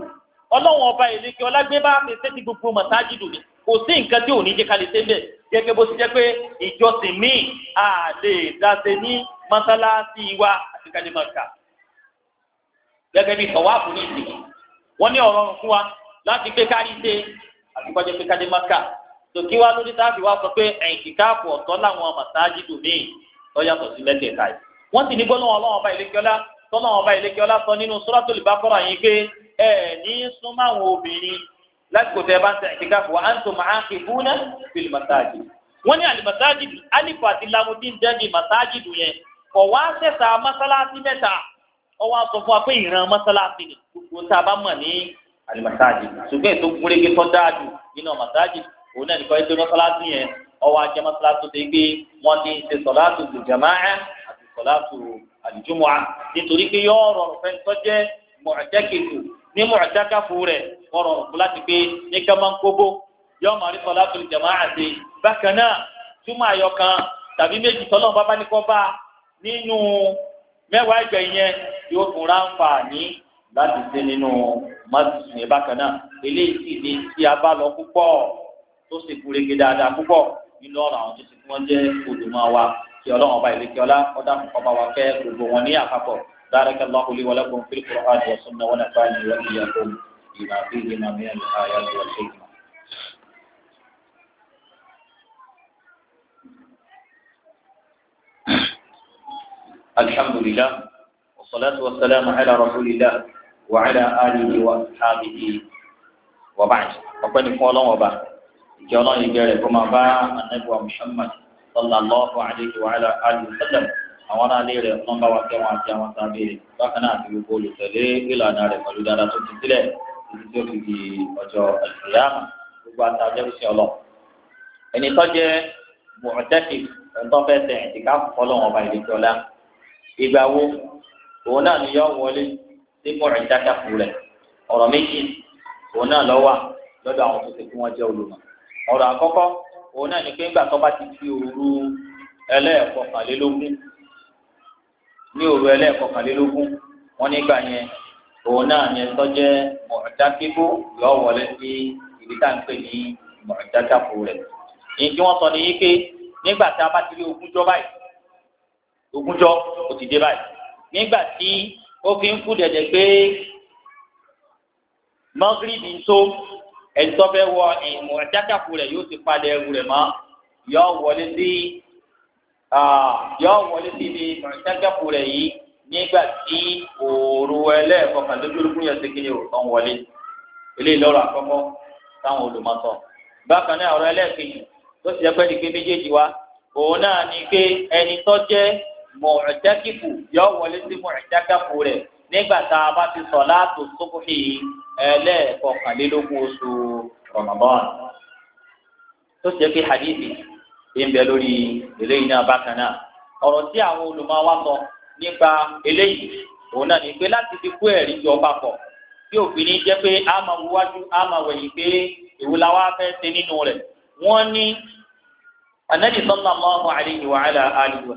ọlọ́run ọba ìlẹ́kẹ ọlágbébá fèsì ti gbogbo mọ̀sájìdù ni kò sí nǹkan tí ò ní jẹ́ ká lè sébẹ̀ gẹ́gẹ́ bó ti jẹ́ pé ìjọsìn míì à lè dáṣe ní mọ́sálásí wa àti kálímọ̀ọ́kà gẹ́gẹ́ bí tọ̀wáàfù ní ìsìn wọ́n ní ọ̀rọ̀ fún wa láti pé kárí ṣe àfikọ́jẹ́ pé kájẹ́ maka tòkí wa lórí táàfì wa sọ pé ẹ̀ǹkìkáàpù ọ̀tọ̀ làwọn màsáájì dòmíì lọ́yàtọ̀ sí mẹ́tẹ̀ẹ̀ta yìí wọ́n sì ní gbólóhùn ọlọ́wọ́n ọba ìlékiọlá tọ́lọ́wọ́n ọba ìlékiọlá sọ nínú Suratul Baqara yìí pé ẹ ní súnmọ́ àwọn obìnrin lásìkò tẹ bá ń tẹ ẹ̀ǹkìkáàpù wa antum aakifuna fil màsáájì wọ́n ní àlìmàsáájì alifu àti lamudin jẹ́bi màsáájì dùn yẹn kọ̀ wá sẹ́sà mọ́sálásí mẹ́ta ọwọ́ sọ fún wa pé ìran mọ́sálásí ni gbogbo tá a bá mọ̀ ní alimasaji ṣùgbọ́n ètò gbólégé tó dáadu nínú masaji òun náà nìkan ẹgbẹ́ mọ́sálásí yẹn ọwọ́ ajé mọ́sálásí tó gbé wọ́n ti ṣe sọ̀láàtù jama'a àti sọ̀láàtù àlùjùmọ̀à nítorí pé yọ rọrùn fẹ́ tó jẹ́ mọ̀ọ́dẹ́kẹ̀tù ní mọ̀ọ́dẹ́kẹ̀fù rẹ̀ wọ́n rọrùn fún láti gbé ní kẹ́mọ́nkóbó yọ máa rí sọ̀láàtù jama'a àti bákan náà túmọ̀ àyọkan tàbí méjì tọ́lọ́ láti ṣe nínú mọ́tìsùn yẹn bákan náà eléyìí sì ní tí a bá lọ púpọ̀ tó sì kúrege dáadáa púpọ̀ nínú ọ̀rọ̀ àwọn tó ti fún wọn jẹ́ olùmọ̀ wa kí ọlọ́run ọba ìlẹ́kẹ́ ọlá ọ̀dà ọba wa kẹ́ gbogbo wọn ní àpapọ̀ dáadáa lọ́kùn lé wọlé kún fílẹ̀ àti ọ̀sùn náà wọn náà fáyà ní ìwé ìyá tó ìlà àti ìgbìmọ̀ mìíràn ní àyà ní wọ́n ṣe ìgbìmọ̀. alhamdulillah wasalaatu wasalaamu ala rasulillah. وعلى آله وأصحابه وبعد ọpẹ́ni fún Ọlọ́run ọba ìjọ Ọlọ́run ìgbẹrẹ kó máa bá anabiwa Muhammad sallallahu alayhi wa ala alihi wa sallam àwọn aráàlú rẹ̀ wọ́n bá wa kẹ́ wọn àti àwọn sábẹ́ rẹ̀ bákan náà àti gbogbo olùtẹ̀lé ìlànà rẹ̀ pẹ̀lú dáadáa tó ti sílẹ̀ títí tó fi di ọjọ́ àlùfíàmù gbogbo àtàjẹ́ òsì ọlọ́ ẹni tó jẹ́ mọ̀ọ́tẹ́kì ẹ̀ńtọ́fẹ́sẹ̀ ẹ̀ǹtìká fọlọ́wọn ọba ìdíjọ́lá ìgbà wo òun náà ni yọ wọlé dípò ìdájà kú rẹ̀ ọ̀rọ̀ méjì òun náà lọ́wọ́ lọ́dọ̀ àwọn tó ti kú wọn jẹ́ olùmọ̀ ọ̀rọ̀ àkọ́kọ́ òun náà ni pé ńgbà tó bá ti fi òru ẹlẹ́ẹ̀kọkànlélógún ní òru ẹlẹ́ẹ̀kọkànlélógún wọ́n nígbà yẹn òun náà yẹn tọ́jẹ́ mọ̀ọ́dákébó yọ wọlé sí ibi tá à ń pè ní mọ̀ọ́dájà kú rẹ̀ èyí tí wọ́n sọ ni yí nígbà tá a bá ti rí ogúnjọ́ báyìí ogúnjọ́ ó ti dé báyìí nígbà tí ó fi ń kú dẹ̀dẹ̀ pé mọ́gírìbì ń tó ẹ̀tọ́ fẹ́ wọ ìmọ̀ ẹ̀dákàkù rẹ̀ yóò ti palẹ̀ ẹrù rẹ̀ mọ́ yọ wọlé sí yọ wọlé sí ibi ìmọ̀ ẹ̀dákàkù rẹ̀ yìí nígbà tí òòrù ẹlẹ́ẹ̀kọ̀kan lójúlógún yẹn ti kéde òòtán wọlé eléyìí lọ́rọ̀ àkọ́kọ́ táwọn olùmọ̀tọ́ bákan náà ọ̀rọ̀ ẹlẹ́ẹ̀kejì tó ti ẹgbẹ́ ni pé méjèèjì wa òun náà ni pé ẹni tó mọ̀ọ́dẹ́kìfù yọ wọlé sí mọ̀ọ́dẹ́kìfù rẹ̀ nígbà tá a bá ti sọ láàtò sókòhì ẹlẹ́ẹ̀kọkànlélógún oṣù Ramadan tó ṣe pé hadithi ti ń bẹ lórí eléyìí náà bákan náà ọ̀rọ̀ tí àwọn olùmọ̀ wa sọ nípa eléyìí òun náà ní pé láti fi kó ẹ̀rí jọ papọ̀ tí òfin ní jẹ́ pé a máa wájú a máa wẹ̀yìn pé èwo la wá fẹ́ ṣe nínú rẹ̀ wọ́n ní anabi sallallahu alayhi wa ala alihi wa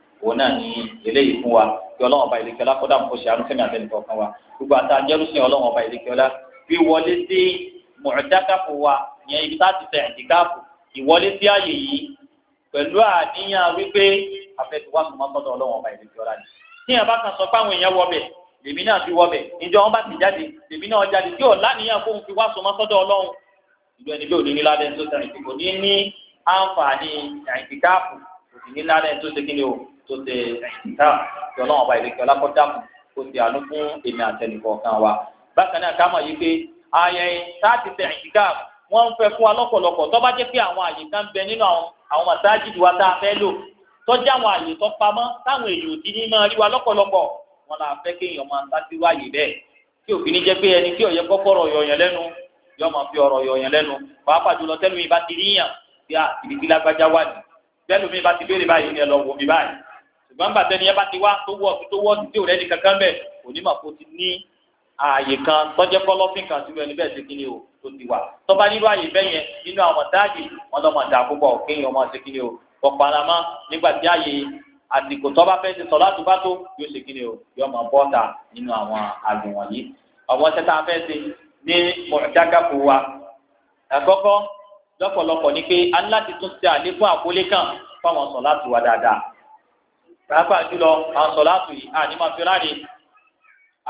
òun náà ní eléyìí fún wa kí ọlọ́run ọba ìlẹ̀kẹ́ ọlá kọ́dà kó ṣe àánúfẹ́mi àtẹnìkọ̀ kan wa gbogbo àti àjẹrúsìn ọlọ́run ọba ìlẹ̀kẹ́ ọlá fi wọlé sí mọ̀ọ́dákàfọ̀ wa ìyẹn ibi tá a ti tẹ̀ ẹ̀dínkàfọ̀ ìwọlé sí àyè yìí pẹ̀lú àníyàn wípé afẹ́tiwá sọmọ ni tí yẹn bá kan sọ pé àwọn èèyàn wọ bẹ̀ lèmi náà fi wọ bẹ̀ ìjọ wọn bá ti jáde lèmi náà jáde tí ò láníyàn fóun fi wá sọmọ sọ́dọ̀ ọlọ́run ìjọ ẹni àǹfààní ẹ̀dínkàfọ̀ sì ní lálẹ́ tó ṣe kíni o tó ṣe ẹ̀yìn tá tí ọlọ́run ọba ìrèké ọlákọ́dàmù kó ṣe àánú fún èmi àtẹnìkọ̀ọ̀kan wa bákan náà ká mọ̀ yí pé ayẹyẹ táàtì ṣe ẹ̀yìn ká wọ́n ń fẹ́ fún wa lọ́pọ̀lọpọ̀ tó bá jẹ́ pé àwọn àyè kan bẹ nínú àwọn màsáàjì wa tá a fẹ́ lò tọ́jà àwọn àyè tó pamọ́ táwọn èèyàn ti ní máa rí wa lọ́pọ̀lọpọ̀ wọn là fẹ́ kéèyàn máa sá sí wáyé bẹ́ẹ̀ tí òfin jẹ́ pé ẹni tí ọ̀yẹ́ kọ́kọ́rọ̀ yọ̀yàn lẹ́nu yọ máa fi ọ̀rọ̀ yọ̀yàn lẹ́nu pàápàá jùlọ tẹ́lu ìbá ti ríyàn bí i àtìbí lágbájá wà ní tẹ́lu mi bá ti béèrè báyìí ni ẹ lọ wò mí báyìí ṣùgbọ́n bàtẹ́ ni ẹ bá ti wá tó wọ̀ tó wọ̀ tí ò rẹ́ni kankan bẹ̀ onímọ̀ kò ti ní ààyè kan tọ́jẹ́ kọ́lọ́fín kan síbi ẹni bẹ́ẹ̀ ni o tó ti wà tọ́ba nínú ààyè bẹ́ẹ̀ yẹn nínú àwọn táàgì wọn lọ́mọ dà púpọ̀ kéèyàn ọmọ ṣe kí ni o ọ̀pọ̀ àràmọ́ nígbà tí ààyè àsìkò tọ́ba fẹ́ ti sọ láti bá tó yóò ṣe ni o yóò máa bọ́ta nínú àwọn ààyè wọ̀nyí àwọn tẹ́tà fẹ́ ṣe ní mọ̀ọ́dágàpọ̀ wa àkọ́kọ́ lọ́pọ̀lọpọ̀ ni pé a ní láti tún ṣe àlékún àkólé kan fáwọn sọ̀láàtù wa dáadáa pàápàá jùlọ àwọn sọ̀láàtù yìí àní máa fi ráre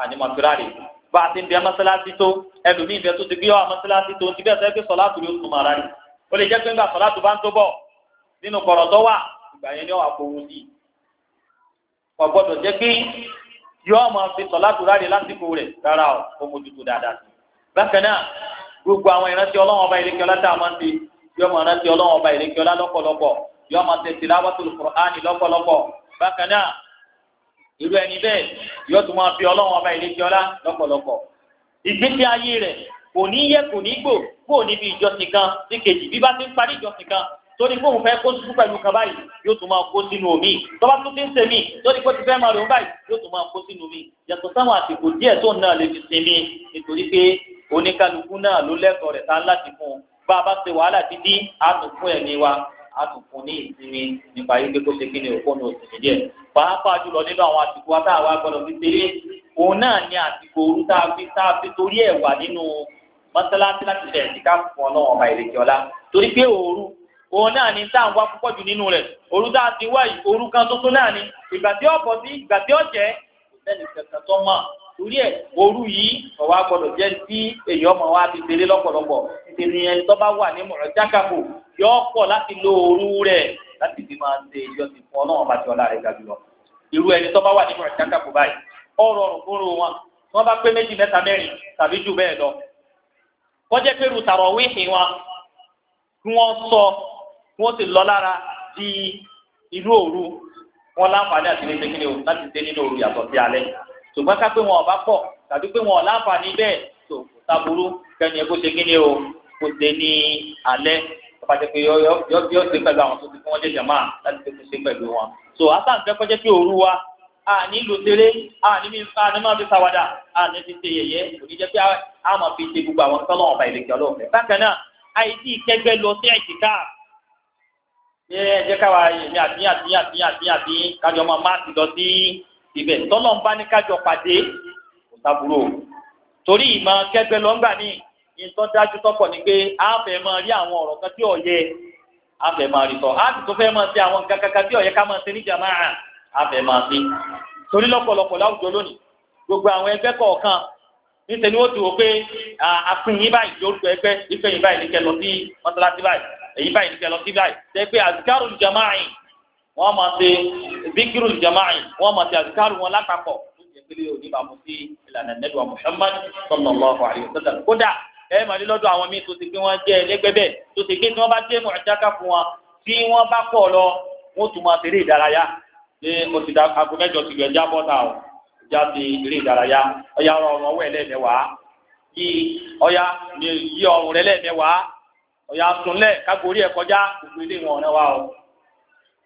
àní máa fi ráre bá a ti ń bẹ mọ́sálásí tó ẹlòmíì bẹ tó ti gbé wà mọ́sálásí tó ti bẹ́ẹ̀ sẹ́ pé sọ̀láàtù yóò tún máa ráre ó lè jẹ́ pé nígbà sọ̀láàtù bá ń tó bọ̀ nínú kọ̀rọ̀ tó wà ìgbà yẹn ni ó wà fowó sí i kò gbọ́dọ̀ jẹ́ pé yóò máa fi sọ̀láàtù ráre lásìkò rẹ̀ rárá o ó mójútó dáadáa sí i bákan náà gbogbo àwọn ìrántí ọlọ́wọ́n ọba ìrìnkì ọlá tá a máa ń ti yọ ọmọ ìrántí ọlọ́wọ́n ọba ìrìnkì ọlá lọ́pọ̀lọpọ̀ yọ ọmọ tẹ̀sí láwọ́tò Kùránì lọ́pọ̀lọpọ̀ bákan náà irú ẹni bẹ́ẹ̀ yọ tún máa fi ọlọ́wọ́n ọba ìrìnkì ọlá lọ́pọ̀lọpọ̀ ìgbésí ayé rẹ̀ kò ní yẹ kò ní gbò kó o níbi ìjọsìn kan sí kejì bí bá ti ń parí ìjọsìn kan torí pé òun fẹ́ kó sùn pẹ̀lú kan báyìí yóò tún máa kó sínú omi tọ́ba tún ti ń sèmi torí pé ó ti fẹ́ máa lòun báyìí yóò tún máa kó sínú omi yàtọ̀ sáwọn àsìkò díẹ̀ tó náà lè fi sinmi nítorí pé oníkálukú náà ló lẹ́tọ̀ọ́ rẹ̀ tá láti fún un bá a bá ṣe wàhálà títí a tún ẹ̀mí wa a tún fún ní ìsinmi nípa yìí pé ṣe kí ni òkú ní òsì nìyẹn pàápàá jùlọ nínú àwọn àsìkò wa tá a wá gbọ́dọ̀ òun náà ni àsìkò òru tá a fi tá a fi torí ẹ̀ wà nínú mọ́sálásí láti ṣe ẹ̀sìnká fún ọ̀nà ọ̀bà ìrèké ọ̀la torí pé òru òun náà ni tá à ń wá púpọ̀ jù nínú rẹ̀ òru tá a ti wá òru tuntun náà ni ìgbà tí ó bọ̀ sí ìgbà tí ó jẹ́ kò sẹ́ni kankan tó mọ̀ torí ẹ òru yìí ọwọ agbọdọ jẹ ti èyí ọmọ wa ti tẹlé lọ́pọ̀lọpọ̀ ìtẹlẹ yẹn tó bá wà ní mọrọ jákàfò yọ pọ láti lo òru rẹ láti fi máa ṣe ìjọ ti fún ọ náà bá ti ọlá rẹ ga jùlọ irú ẹni tó bá wà ní mọrọ jákàfò báyìí ọ̀rọ̀ ọrùn fúnru wọn wọn bá pé méjì mẹ́ta mẹ́rin tàbí jù bẹ́ẹ̀ lọ kọjá pé rutàrọ wíhìn wọn kí wọn sọ kí wọn sì lọ lára di inú òru wọn láǹfààní àti ní o láti dé nínú òru yàtọ̀ sí alẹ́ ṣùgbọ́n ká pé wọn ọba pọ̀ tàbí pé wọn ọ̀láǹfààní bẹ́ẹ̀ tó taburú kẹ́ni ẹ kó ṣe kí ni o kó ṣe ní alẹ́ ọba jẹ́ pé yọ yọ ṣe pẹ̀lú àwọn tó ti fún wọn jẹjẹ máa láti fi ṣe pẹ̀lú wọn. so asa nfẹ́ kọjá pé òru wa a ní lò ṣeré a ní máa fi ṣàwádà a ní fi ṣe yẹ̀yẹ́ kò ní jẹ́ pé a máa fi ṣe gbogbo àwọn tọ́lọ́ ọba ìlẹ̀kẹ́ ọlọ́ọ̀fẹ́. bákan náà àìsí ìkẹgbẹ́ lọ sí àìsíká ẹ jẹ́ káwa èmi àtìyàn àtìyàn àtìyàn àtìyàn kájọ máa máa ti lọ sí ibẹ̀ tọ́lọ̀ ń bá ní kájọ pàdé kò sábúrò torí ìmọ̀ kẹgbẹ́ lọ́ngbà míì nǹkan dájú tọ́pọ̀ ni pé a fẹ́ máa rí àwọn ọ̀rọ̀ kan tí ọ̀yẹ a fẹ́ máa rí sọ a sì tó fẹ́ máa ṣe àwọn nǹkan kankan tí ọ̀yẹ ká máa ṣe ní jàmáà a fẹ́ máa ṣe torí lọ́pọ̀lọpọ̀ láwùjọ lónìí gbogbo àwọn ẹgbẹ́ kọ̀ọ̀kan níṣẹ́ ni ó ti wò pé àfihàn báyìí lórúkọ ẹgbẹ́ ìfẹ̀yìn báyìí ní kẹ lọ sí mọ́tàlásí báyìí èyí báyìí ní kẹ lọ sí báyìí tẹ́ pé àzùkárù jàmáà yìí wọ́n máa ṣe zikiru jama'i wọ́n máa ṣe azikaru wọn lápapọ̀ ìpele òní bàmú sí ìlànà nẹ́dùn Muhammad sallallahu alaihi wasallam kódà ẹ máa ní lọ́dọ̀ àwọn míì tó ti pé wọ́n jẹ́ ẹlẹ́gbẹ́bẹ́ tó ti pé tí wọ́n bá dé mọ̀ọ́dáká fún wọn tí wọ́n bá pọ̀ lọ wọ́n tún máa ṣeré ìdárayá ṣé o ti da aago mẹ́jọ ti gbẹ̀ já bọ́ta o já ti eré ìdárayá ọya ọrùn ọwọ́ ẹlẹ́mẹ̀wàá yí ọya yí ọrùn rẹ lẹ́mẹ̀wàá ọya sunlẹ̀ kágorí ẹ̀ kọjá gbogbo ilé wọn ọ̀rẹ́ wa o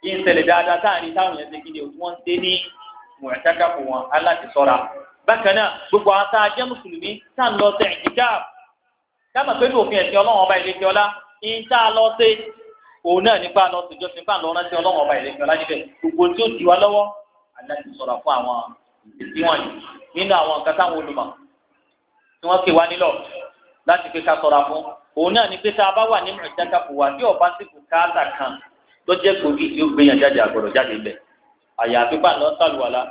kí n ṣẹlẹ̀ dáadáa táàrin táwọn yẹn ṣe kí ni o wọ́n ṣe ní mọ̀ọ́tàkà fún wọn aláti sọ́ra. bákan náà gbogbo àwọn tá a jẹ́ mùsùlùmí tá a lọ ṣe ìjìkáàb dáàmà pé ní òfin ẹ̀sìn ọlọ́run ọba ìlẹ́kẹ́ ọlá ní tá a lọ ṣe òun náà nípa lọ ṣèjọ́ sí nípa lọ rántí ọlọ́run ọba ìlẹ́kẹ́ ọlá níbẹ̀ gbogbo tí ó di wa lọ́wọ́ aláti fún àwọn ìdí lọ́jọ́ ìkòrí yóò gbé yàn jáde àgbọ̀dọ̀ jáde bẹ̀ àyàfi bá lọ sàlùwàlà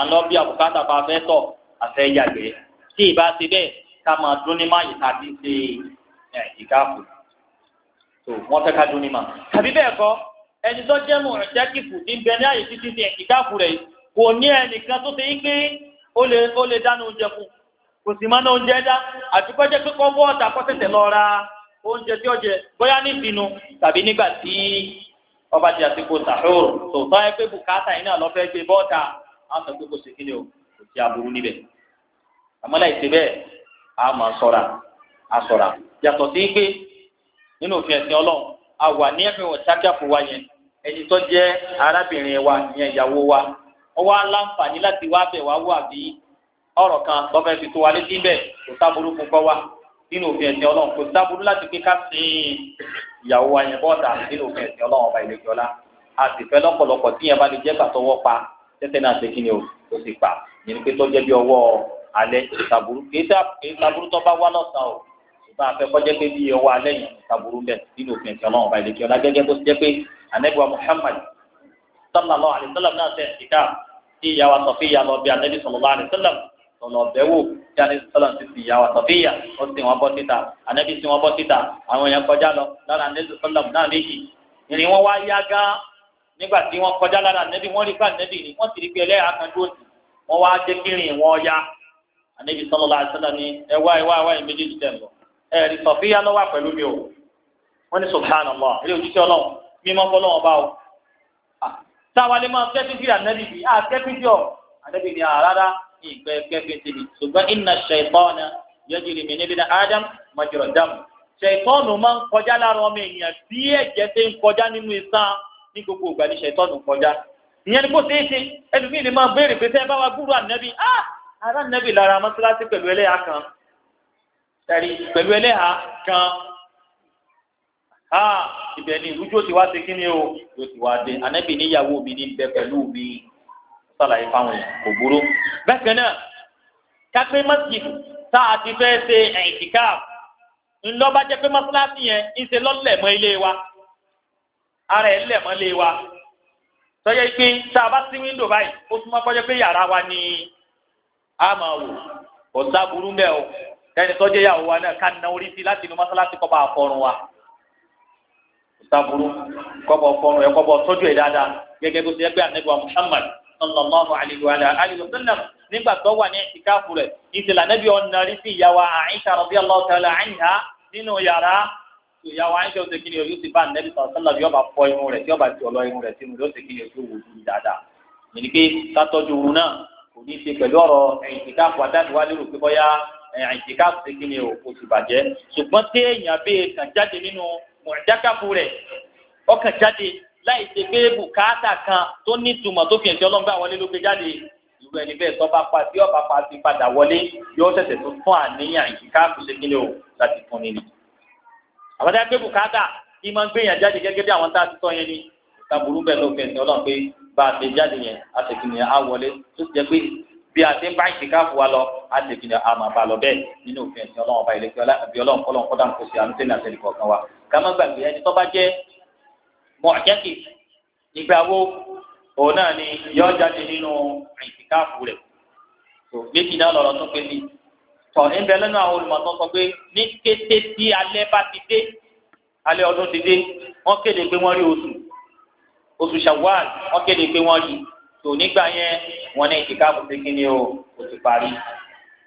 àná bí àbùkátà bá fẹ́ tọ̀ àfẹ́ yàgbẹ́ tí ì bá ti bẹ́ẹ̀ ká máa dún ní máyì tàbí ṣe ẹ̀ ìkáàfù tó wọ́n fẹ́ ká dún ní mà. tàbí bẹ́ẹ̀ kọ́ ẹni tó jẹ́ mọ̀ ẹ̀jẹ̀kìfù ní bẹ ní àyè títí ti ìkáàfù rẹ̀ kò ní ẹnìkan tó ti ń gbé ó lè ó lè dánú oúnjẹ fún kò sì máa ná oúnjẹ dá àtúkọ́jẹ́ pé kọ́ bọ́ọ̀tà kọ́ lọ ra oúnjẹ tí ó jẹ bóyá ní ìbínú tàbí nígbà tí ọba ti àsìkò sàhóòrò tòótọ́ ẹ pé bùkátà yìí náà lọ fẹ́ gbé bọ́ọ̀dà àwọn sọ pé kò sí kíni o kò sí àmọ́ a a yàtọ̀ sí pé nínú òfin ẹ̀sìn ọlọ́run a wà ní ẹ̀fìn wọn wa wa ìyẹn ìyàwó wa ó wá láǹfààní láti wá bẹ̀ wá kan lọ́fẹ́ fi tó wa létí bẹ́ẹ̀ kò wa nínú òfin ẹ̀sìn ọlọ́run kò sábúrú láti pé ká sin ìyàwó wa yẹn bọ́ọ̀dà nínú òfin ẹ̀sìn ọlọ́run ọba ìlẹ́jọ́ la a sì fẹ́ lọ́pọ̀lọpọ̀ tí yẹn bá lè jẹ́ gbàtọ́wọ́ pa tẹ́tẹ́ náà ṣe kí ni o kò sì pa yẹn ni pé tó jẹ́ bí ọwọ́ alẹ́ ìsàbúrú kì í sàbúrú tó bá wá lọ́sàn-án o ṣùgbọ́n a kọjá pé bí ọwọ́ alẹ́ yẹn ìsàbúrú bẹ̀ nínú òfin ẹ̀sìn ọlọ́run ọba ìlẹ́jọ́ la gẹ́gẹ́ bó jẹ́ pé anẹ́gbà Muhammad sallallahu alayhi wa sallam náà ṣe ìdíkà tí ìyàwó àtọ̀fẹ́ ìyàlọ́ bí anẹ́bí sallallahu alayhi wa sallam ọlọbẹwò tí a ní sọlọ ti sì yà wà sọfíyà ó sì wọn bọ síta ànábi sì wọn bọ síta àwọn èèyàn kọjá lọ lára ànábi sọlọ náà méjì ìrìn wọn wá yá gán nígbà tí wọn kọjá lára ànábi wọn rí fún ànábi ni wọn sì rí pé ẹlẹ́yà kan dúró sí wọn wá jẹ́ kí rìn wọn yá ànábi sọlọ láti sọlọ ni ẹ wá ẹ wá ẹ wá ẹ méjèèjì tẹ̀ lọ ẹ rí sọfíyà lọ wà pẹ̀lú mi o subhanallah ilé òjíṣẹ́ ọlọ́run mímọ́ fọlọ́run bá o ah, táwa lè máa kẹ́kí sí ànábi bí i àkẹ́kí sí ni àrárá ah, ìgbà ẹgbẹ́ fèsì ni ṣùgbọ́n inna shaytana yajri min ibn adam majra dam ṣètọ́nù máa ń kọjá lára ọmọ èèyàn bí ẹ̀jẹ̀ ṣe ń kọjá nínú iṣan ní gbogbo ìgbà ní ṣètọ́nù kọjá ìyẹn ni kò ṣeé ṣe ẹlòmíì ni máa béèrè pé sẹ́ẹ̀ bá wa gúrú ànábì ah ará ànábì lára mọ́ṣáláṣí pẹ̀lú ẹlẹ́yà kan ẹ̀rí pẹ̀lú ah, ti wá ṣe kí ni o yóò ti wá dé ànábì níyàwó mi ní bẹ pẹ̀lú mi sàlàyé fáwọn yẹn kò burú. bákan náà kápé masjid tá a ti fẹ́ ṣe ẹ̀ǹtìká ńlọ́ba jẹ́ pé mọ́sálásí yẹn ń ṣe lọ́lẹ̀mọ́ ilé wa ara ẹ̀ lẹ̀mọ́ ilé wa sọyẹ́ pé tá a bá sí wíńdò báyìí ó túmọ̀ kọjá pé yàrá wa ni a máa wò ọ̀sá burú mẹ́ o kẹ́ni tọ́jú ìyàwó wa náà ká na orí sí láti inú mọ́sálásí kọ́ bá a fọrùn wa ọ̀sá burú kọ́ bọ̀ fọrùn ẹ̀ kọ́ bọ̀ tọ́jú ẹ̀ dáadáa gẹ́gẹ́ bó ti yẹ pé ànábì Muhammad sallallahu alayhi wa alihi wa sallam nígbà tó wà ní ìtìkáfù rẹ̀ ìtìlá nàbí ọ̀nà rí sí ìyàwó Àìṣà radiyallahu ta'ala anha nínú yàrá ìyàwó Àìṣà òsè kìnìún yóò ti bá nàbí sọ̀tọ́lá yóò bá fọ irun rẹ̀ tí yóò bá ti ọlọ irun rẹ̀ sínú yóò ti kìnìún tó wù ú dáadáa. mi ni pé kátọ́jú òun náà kò ní ṣe pẹ̀lú ọ̀rọ̀ ìtìkáfù adáni pé eh, bọ́yá láì ṣe pé bùkátà kan tó ní ìtumọ̀ tó fi ẹ̀jẹ̀ ọlọ́ngbà wọlé ló gbé jáde irú ẹni bẹ́ẹ̀ tó bá pa tí ọba pa ti padà wọlé yóò ṣẹ̀ṣẹ̀ tó fún àníyàn ìkíká kò ṣe kílẹ̀ o láti fún nínú. àwọn dáa pé bùkátà kí máa ń gbéyàn jáde gẹ́gẹ́ bí àwọn tá a ti sọ yẹn ni ìtàbùrú bẹ́ẹ̀ ló fi ẹ̀sìn ọlọ́run pé bá a ṣe jáde yẹn a ṣe kìnìyàn á wọlé tó ti jẹ́ pé bí a ṣe ń bá ìkíká fún wa lọ a ṣe kìnìyàn á máa bá a lọ bẹ́ẹ̀ nínú òfin ẹ̀sìn ọlọ́run mọ̀ọ́jẹ́kì ìgbà wo òun náà ni yóò jáde nínú ìtìkáàfù rẹ̀ tó méjì náà lọ̀rọ̀ tó pé mi tọ̀ níbẹ̀ lẹ́nu àwọn olùmọ̀tọ́ sọ pé ní kété tí alẹ́ bá ti dé alẹ́ ọdún ti dé wọ́n kéde pé wọ́n rí oṣù oṣù Ṣawwal wọ́n kéde pé wọ́n rí tó nígbà yẹn wọ́n ní ìtìkáàfù pé kí ni o kò ti parí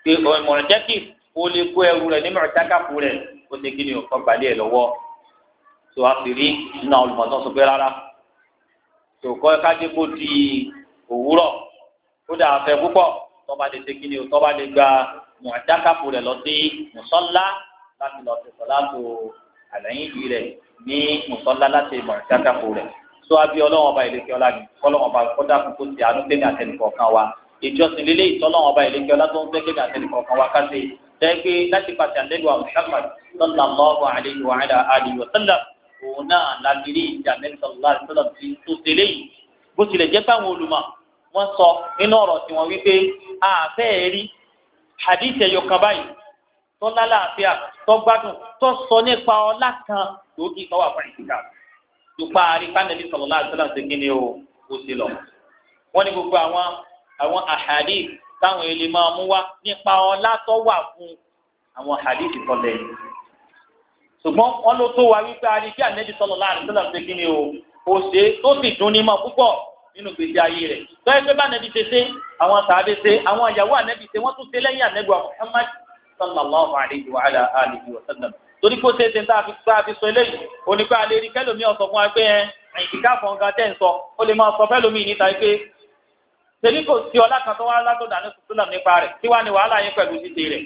pé mọ̀ọ́jẹ́kì o lè kó ẹrù rẹ̀ ní mọ̀ọ́jẹ́kàfù tó a sì rí nínú àwọn olùmọ̀tọ́ sọ pé rárá tó kọ́ ẹ kájé kó di òwúrọ̀ kódà afẹ́ púpọ̀ tọ́ba lè ṣe kíni o tọ́ba lè gba mọ̀ọ́dákàpọ̀ rẹ̀ lọ sí mùsọ́lá láti lọ sí sọ́lá tó àlẹ́yìn ìlú rẹ̀ ní mùsọ́lá láti mọ̀ọ́dákàpọ̀ rẹ̀ tó a bí ọlọ́wọ́n ọba ìlẹ́kẹ ọlá ni kọ́lọ́wọ́n ọba kọ́dà kókó ti àánú tẹ̀lé àtẹnìkọ̀ọ̀kan wa ìjọsìn lílé ìtọ́lọ́wọ́n ọba ìlẹ́kẹ ọlá tó ń fẹ́ kéde àtẹnìkọ̀ọ̀kan wa káṣe tẹ́gbẹ́ láti pàṣẹ àlẹ́lú àwọn Muhammad sallallahu alayhi wa alihi wa sallam òun náà lágbèrè ìjà mẹ́ta ọ̀la ìṣọ́lá ti tó tẹ́lẹ̀ yìí bó tilẹ̀ jẹ́ fáwọn olùmọ̀ wọ́n sọ nínú ọ̀rọ̀ tí wọ́n wípé àfẹ́ rí hadith ẹ̀yọ kan báyìí tó lálàáfíà tó gbádùn tó sọ nípa ọlá kan lókì tó wà fún ìdíkà dùpá àríkánẹ́lì sọ̀rọ̀lá àṣọlá ṣe kí ni o kò sí lọ. wọ́n ní gbogbo àwọn àwọn àhàdíì táwọn èlé máa mú wá nípa ọlá tó wà fún àwọn àhàdíì tó lẹ́yìn ṣùgbọ́n wọn ló tó wa wípé a ní kí ànẹ́bí sọlọ láàrin sọlọ ṣe kí ni o o ṣe tó sì dùn ní mọ púpọ̀ nínú gbèsè ayé rẹ̀ tọ́yẹ pé bá ànẹ́bí ṣe ṣe àwọn sàábé ṣe àwọn ìyàwó ànẹ́bí ṣe wọ́n tún ṣe lẹ́yìn ànẹ́bí wa Muhammad sallallahu alayhi wa ala alihi wa sallam torí kó ṣe ṣe ń tá a fi sọ eléyìí onípa alẹ́ rí kẹ́lòmí ọ̀sọ̀ fún wa pé ẹ àyìnká fọ̀ǹgà tẹ̀ ń sọ ó lè máa sọ fẹ́lòmí níta pé ṣèlú kò sí ọlá kan tó wá látọ̀dà ní sùtúlà nípa rẹ̀ tí wàá ní wàhálà yín pẹ̀lú ṣíṣe rẹ̀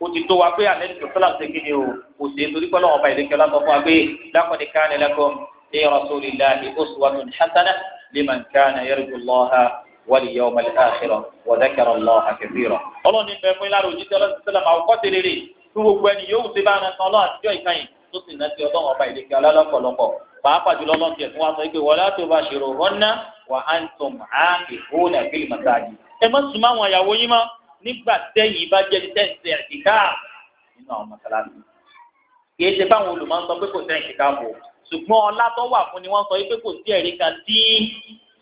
ó ti tó wa pé àlejò tó sọlá ṣe kéde o kò sí torí pé lọ́wọ́ ọba ìdíkẹ́ látọ̀ fún wa pé laqad kana lakum fi rasulillahi uswatun hasanah liman kana yarju Allaha wal ní bẹ́ẹ̀ fún máa kọ́ tẹ̀lé rè fún gbogbo ẹni yóò ṣe bá ara san ọlọ́run àtijọ́ ìkànnì ọlọ́run ọba fún wa sọ pé wala máa wọn nígbà tẹ́yìn bá jẹ́ tẹ́ǹsì ẹ̀dìká nínú àwọn mọ́sálásí. kì í ṣe báwọn olùmọ̀ ń sọ pé kò sẹ́yìn kíkà bò ṣùgbọ́n ọlá tó wà fún ni wọ́n sọ pé kò sí ẹ̀rí kan tí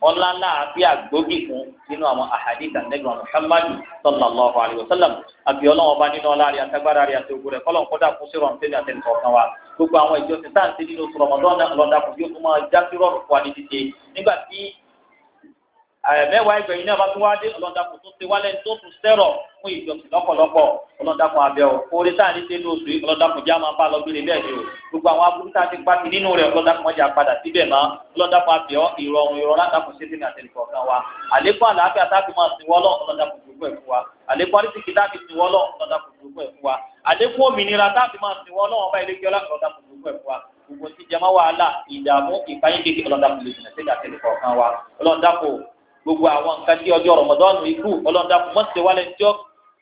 ọlá láàbíà gbòógì fún nínú àwọn àhàdìkà nínú àwọn Muhammadu sallallahu alayhi wa sallam àbí ọlọ́wọ́n bá nínú ọlá rẹ̀ àtàgbára rẹ̀ àti ògùn rẹ̀ kọ́lọ̀ kọ́dà fún sí ọ̀run tẹ́lẹ̀ àtẹ̀lẹ̀ kọ̀ọ̀kan wa gbogbo àwọn ìjọsìn táǹtì nínú sọ̀rọ̀mọ́dọ́nà lọ́dà kò yóò fún máa já sí rọ̀rùn fún wa ní títì nígbà tí mẹ́wàá ìgbẹ̀yìn náà bá tún wáá dé ọlọ́dàkùn tó ṣe wálẹ̀ tó tún sẹ́rọ̀ fún ìjọsìn lọ́kọ̀lọ́kọ̀ ọlọ́dàkùn abẹ́ o orí tá à ní sẹ́nu oṣù yìí ọlọ́dàkùn já máa bá lọ gbére bẹ́ẹ̀ ni o gbogbo àwọn aburú tá a ti pàtì nínú rẹ̀ ọlọ́dàkùn ọjà padà síbẹ̀ mọ́ ọlọ́dàkùn abẹ́ ọ ìrọ̀rùn ìrọ̀rùn àtàkùn ṣe tèmi àtẹnìkọ̀ kan wa àlékún àlàáfíà tá a fi máa sìn wọ́lọ́ ọlọ́dàkùn gbogbo ẹ̀ fún wa àlékún àrísìkì tá a fi sìn wọ́lọ́ ọlọ́dàkùn gbogbo ẹ̀ fún wa àlékún òmìnira tá a fi máa sìn wọ́lọ́ ọba sí gbogbo àwọn nǹkan tí ọjọ́ Ramadan ikú ọlọ́dàkù mọ́tẹ́ wálé tí ó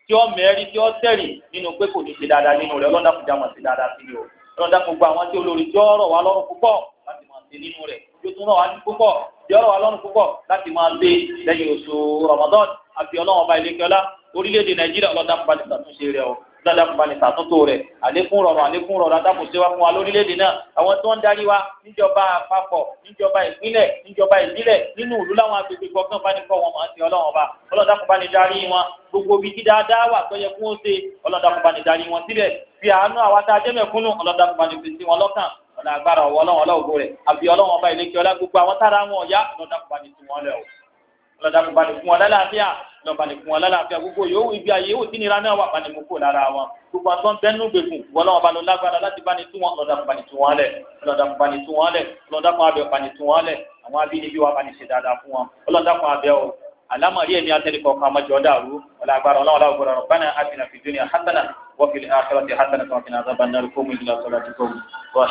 tí ó mẹ́rí tí ó tẹ̀rì nínú pé kò ní ṣe dáadáa nínú rẹ̀ ọlọ́dàkù já mọ̀ sí dáadáa sí ni o ọlọ́dàkù gbogbo àwọn tí olórí tí ọ̀rọ̀ wa lọ́rùn púpọ̀ láti máa ṣe nínú rẹ̀ yóò tún rọ̀ wá ní púpọ̀ tí ọ̀rọ̀ wa lọ́rùn púpọ̀ láti máa ṣe lẹ́yìn oṣù Ramadan àti ọlọ́wọ́n ọba ilé kẹlá orílẹ̀-èdè Nàìjíríà ọlọ́dàkù balẹ̀ ṣàtúnṣe rẹ̀ o ládàkùn bá ní sàtúntò rẹ̀ àlékún rọrùn àlékún rọrùn adákùn ṣe wá fún wa lórílẹ̀‐èdè náà àwọn tó ń darí wa níjọba àpapọ̀ níjọba ìpínlẹ̀ níjọba ìbílẹ̀ nínú ìlú láwọn agbègbè kọ̀ọ̀kan bá ní kọ́ wọn máa ń sin ọlọ́run ọba ọlọ́dàkùn bá ní darí wọn gbogbo ibi tí dáadáa wà tó yẹ kí wọ́n ṣe ọlọ́dàkùn bá ní darí wọn síbẹ̀ fi àánú àwa tá a jẹ́ mẹ̀kúnnù ọlọ́dàkùn fi sí wọn lọ́kàn lọ bá ní fún wọn lálàáfíà gbogbo yòówù ibi ayé yòówù tínira náà wà bá ní mú kó lára wọn gbogbo àtọ́ bẹ́nu gbèkùn wọn lọ́wọ́ bá lọ lágbára láti bá ní tú wọn lọ́dà bá ní tú wọn lẹ̀ lọ́dà bá ní tú wọn lẹ̀ lọ́dà kan abẹ́ bá ní tú wọn lẹ̀ àwọn abínibí wa bá ní ṣe dáadáa fún wọn lọ́dà kan abẹ́ o alámọ̀rí ẹ̀mí atẹ́lẹ́kọ̀ọ́ kan mọ́jọ́ dàrú wọlé agbára ọlọ́wọ́lá ògbọ́dọ̀ rọ̀bánà àtìnà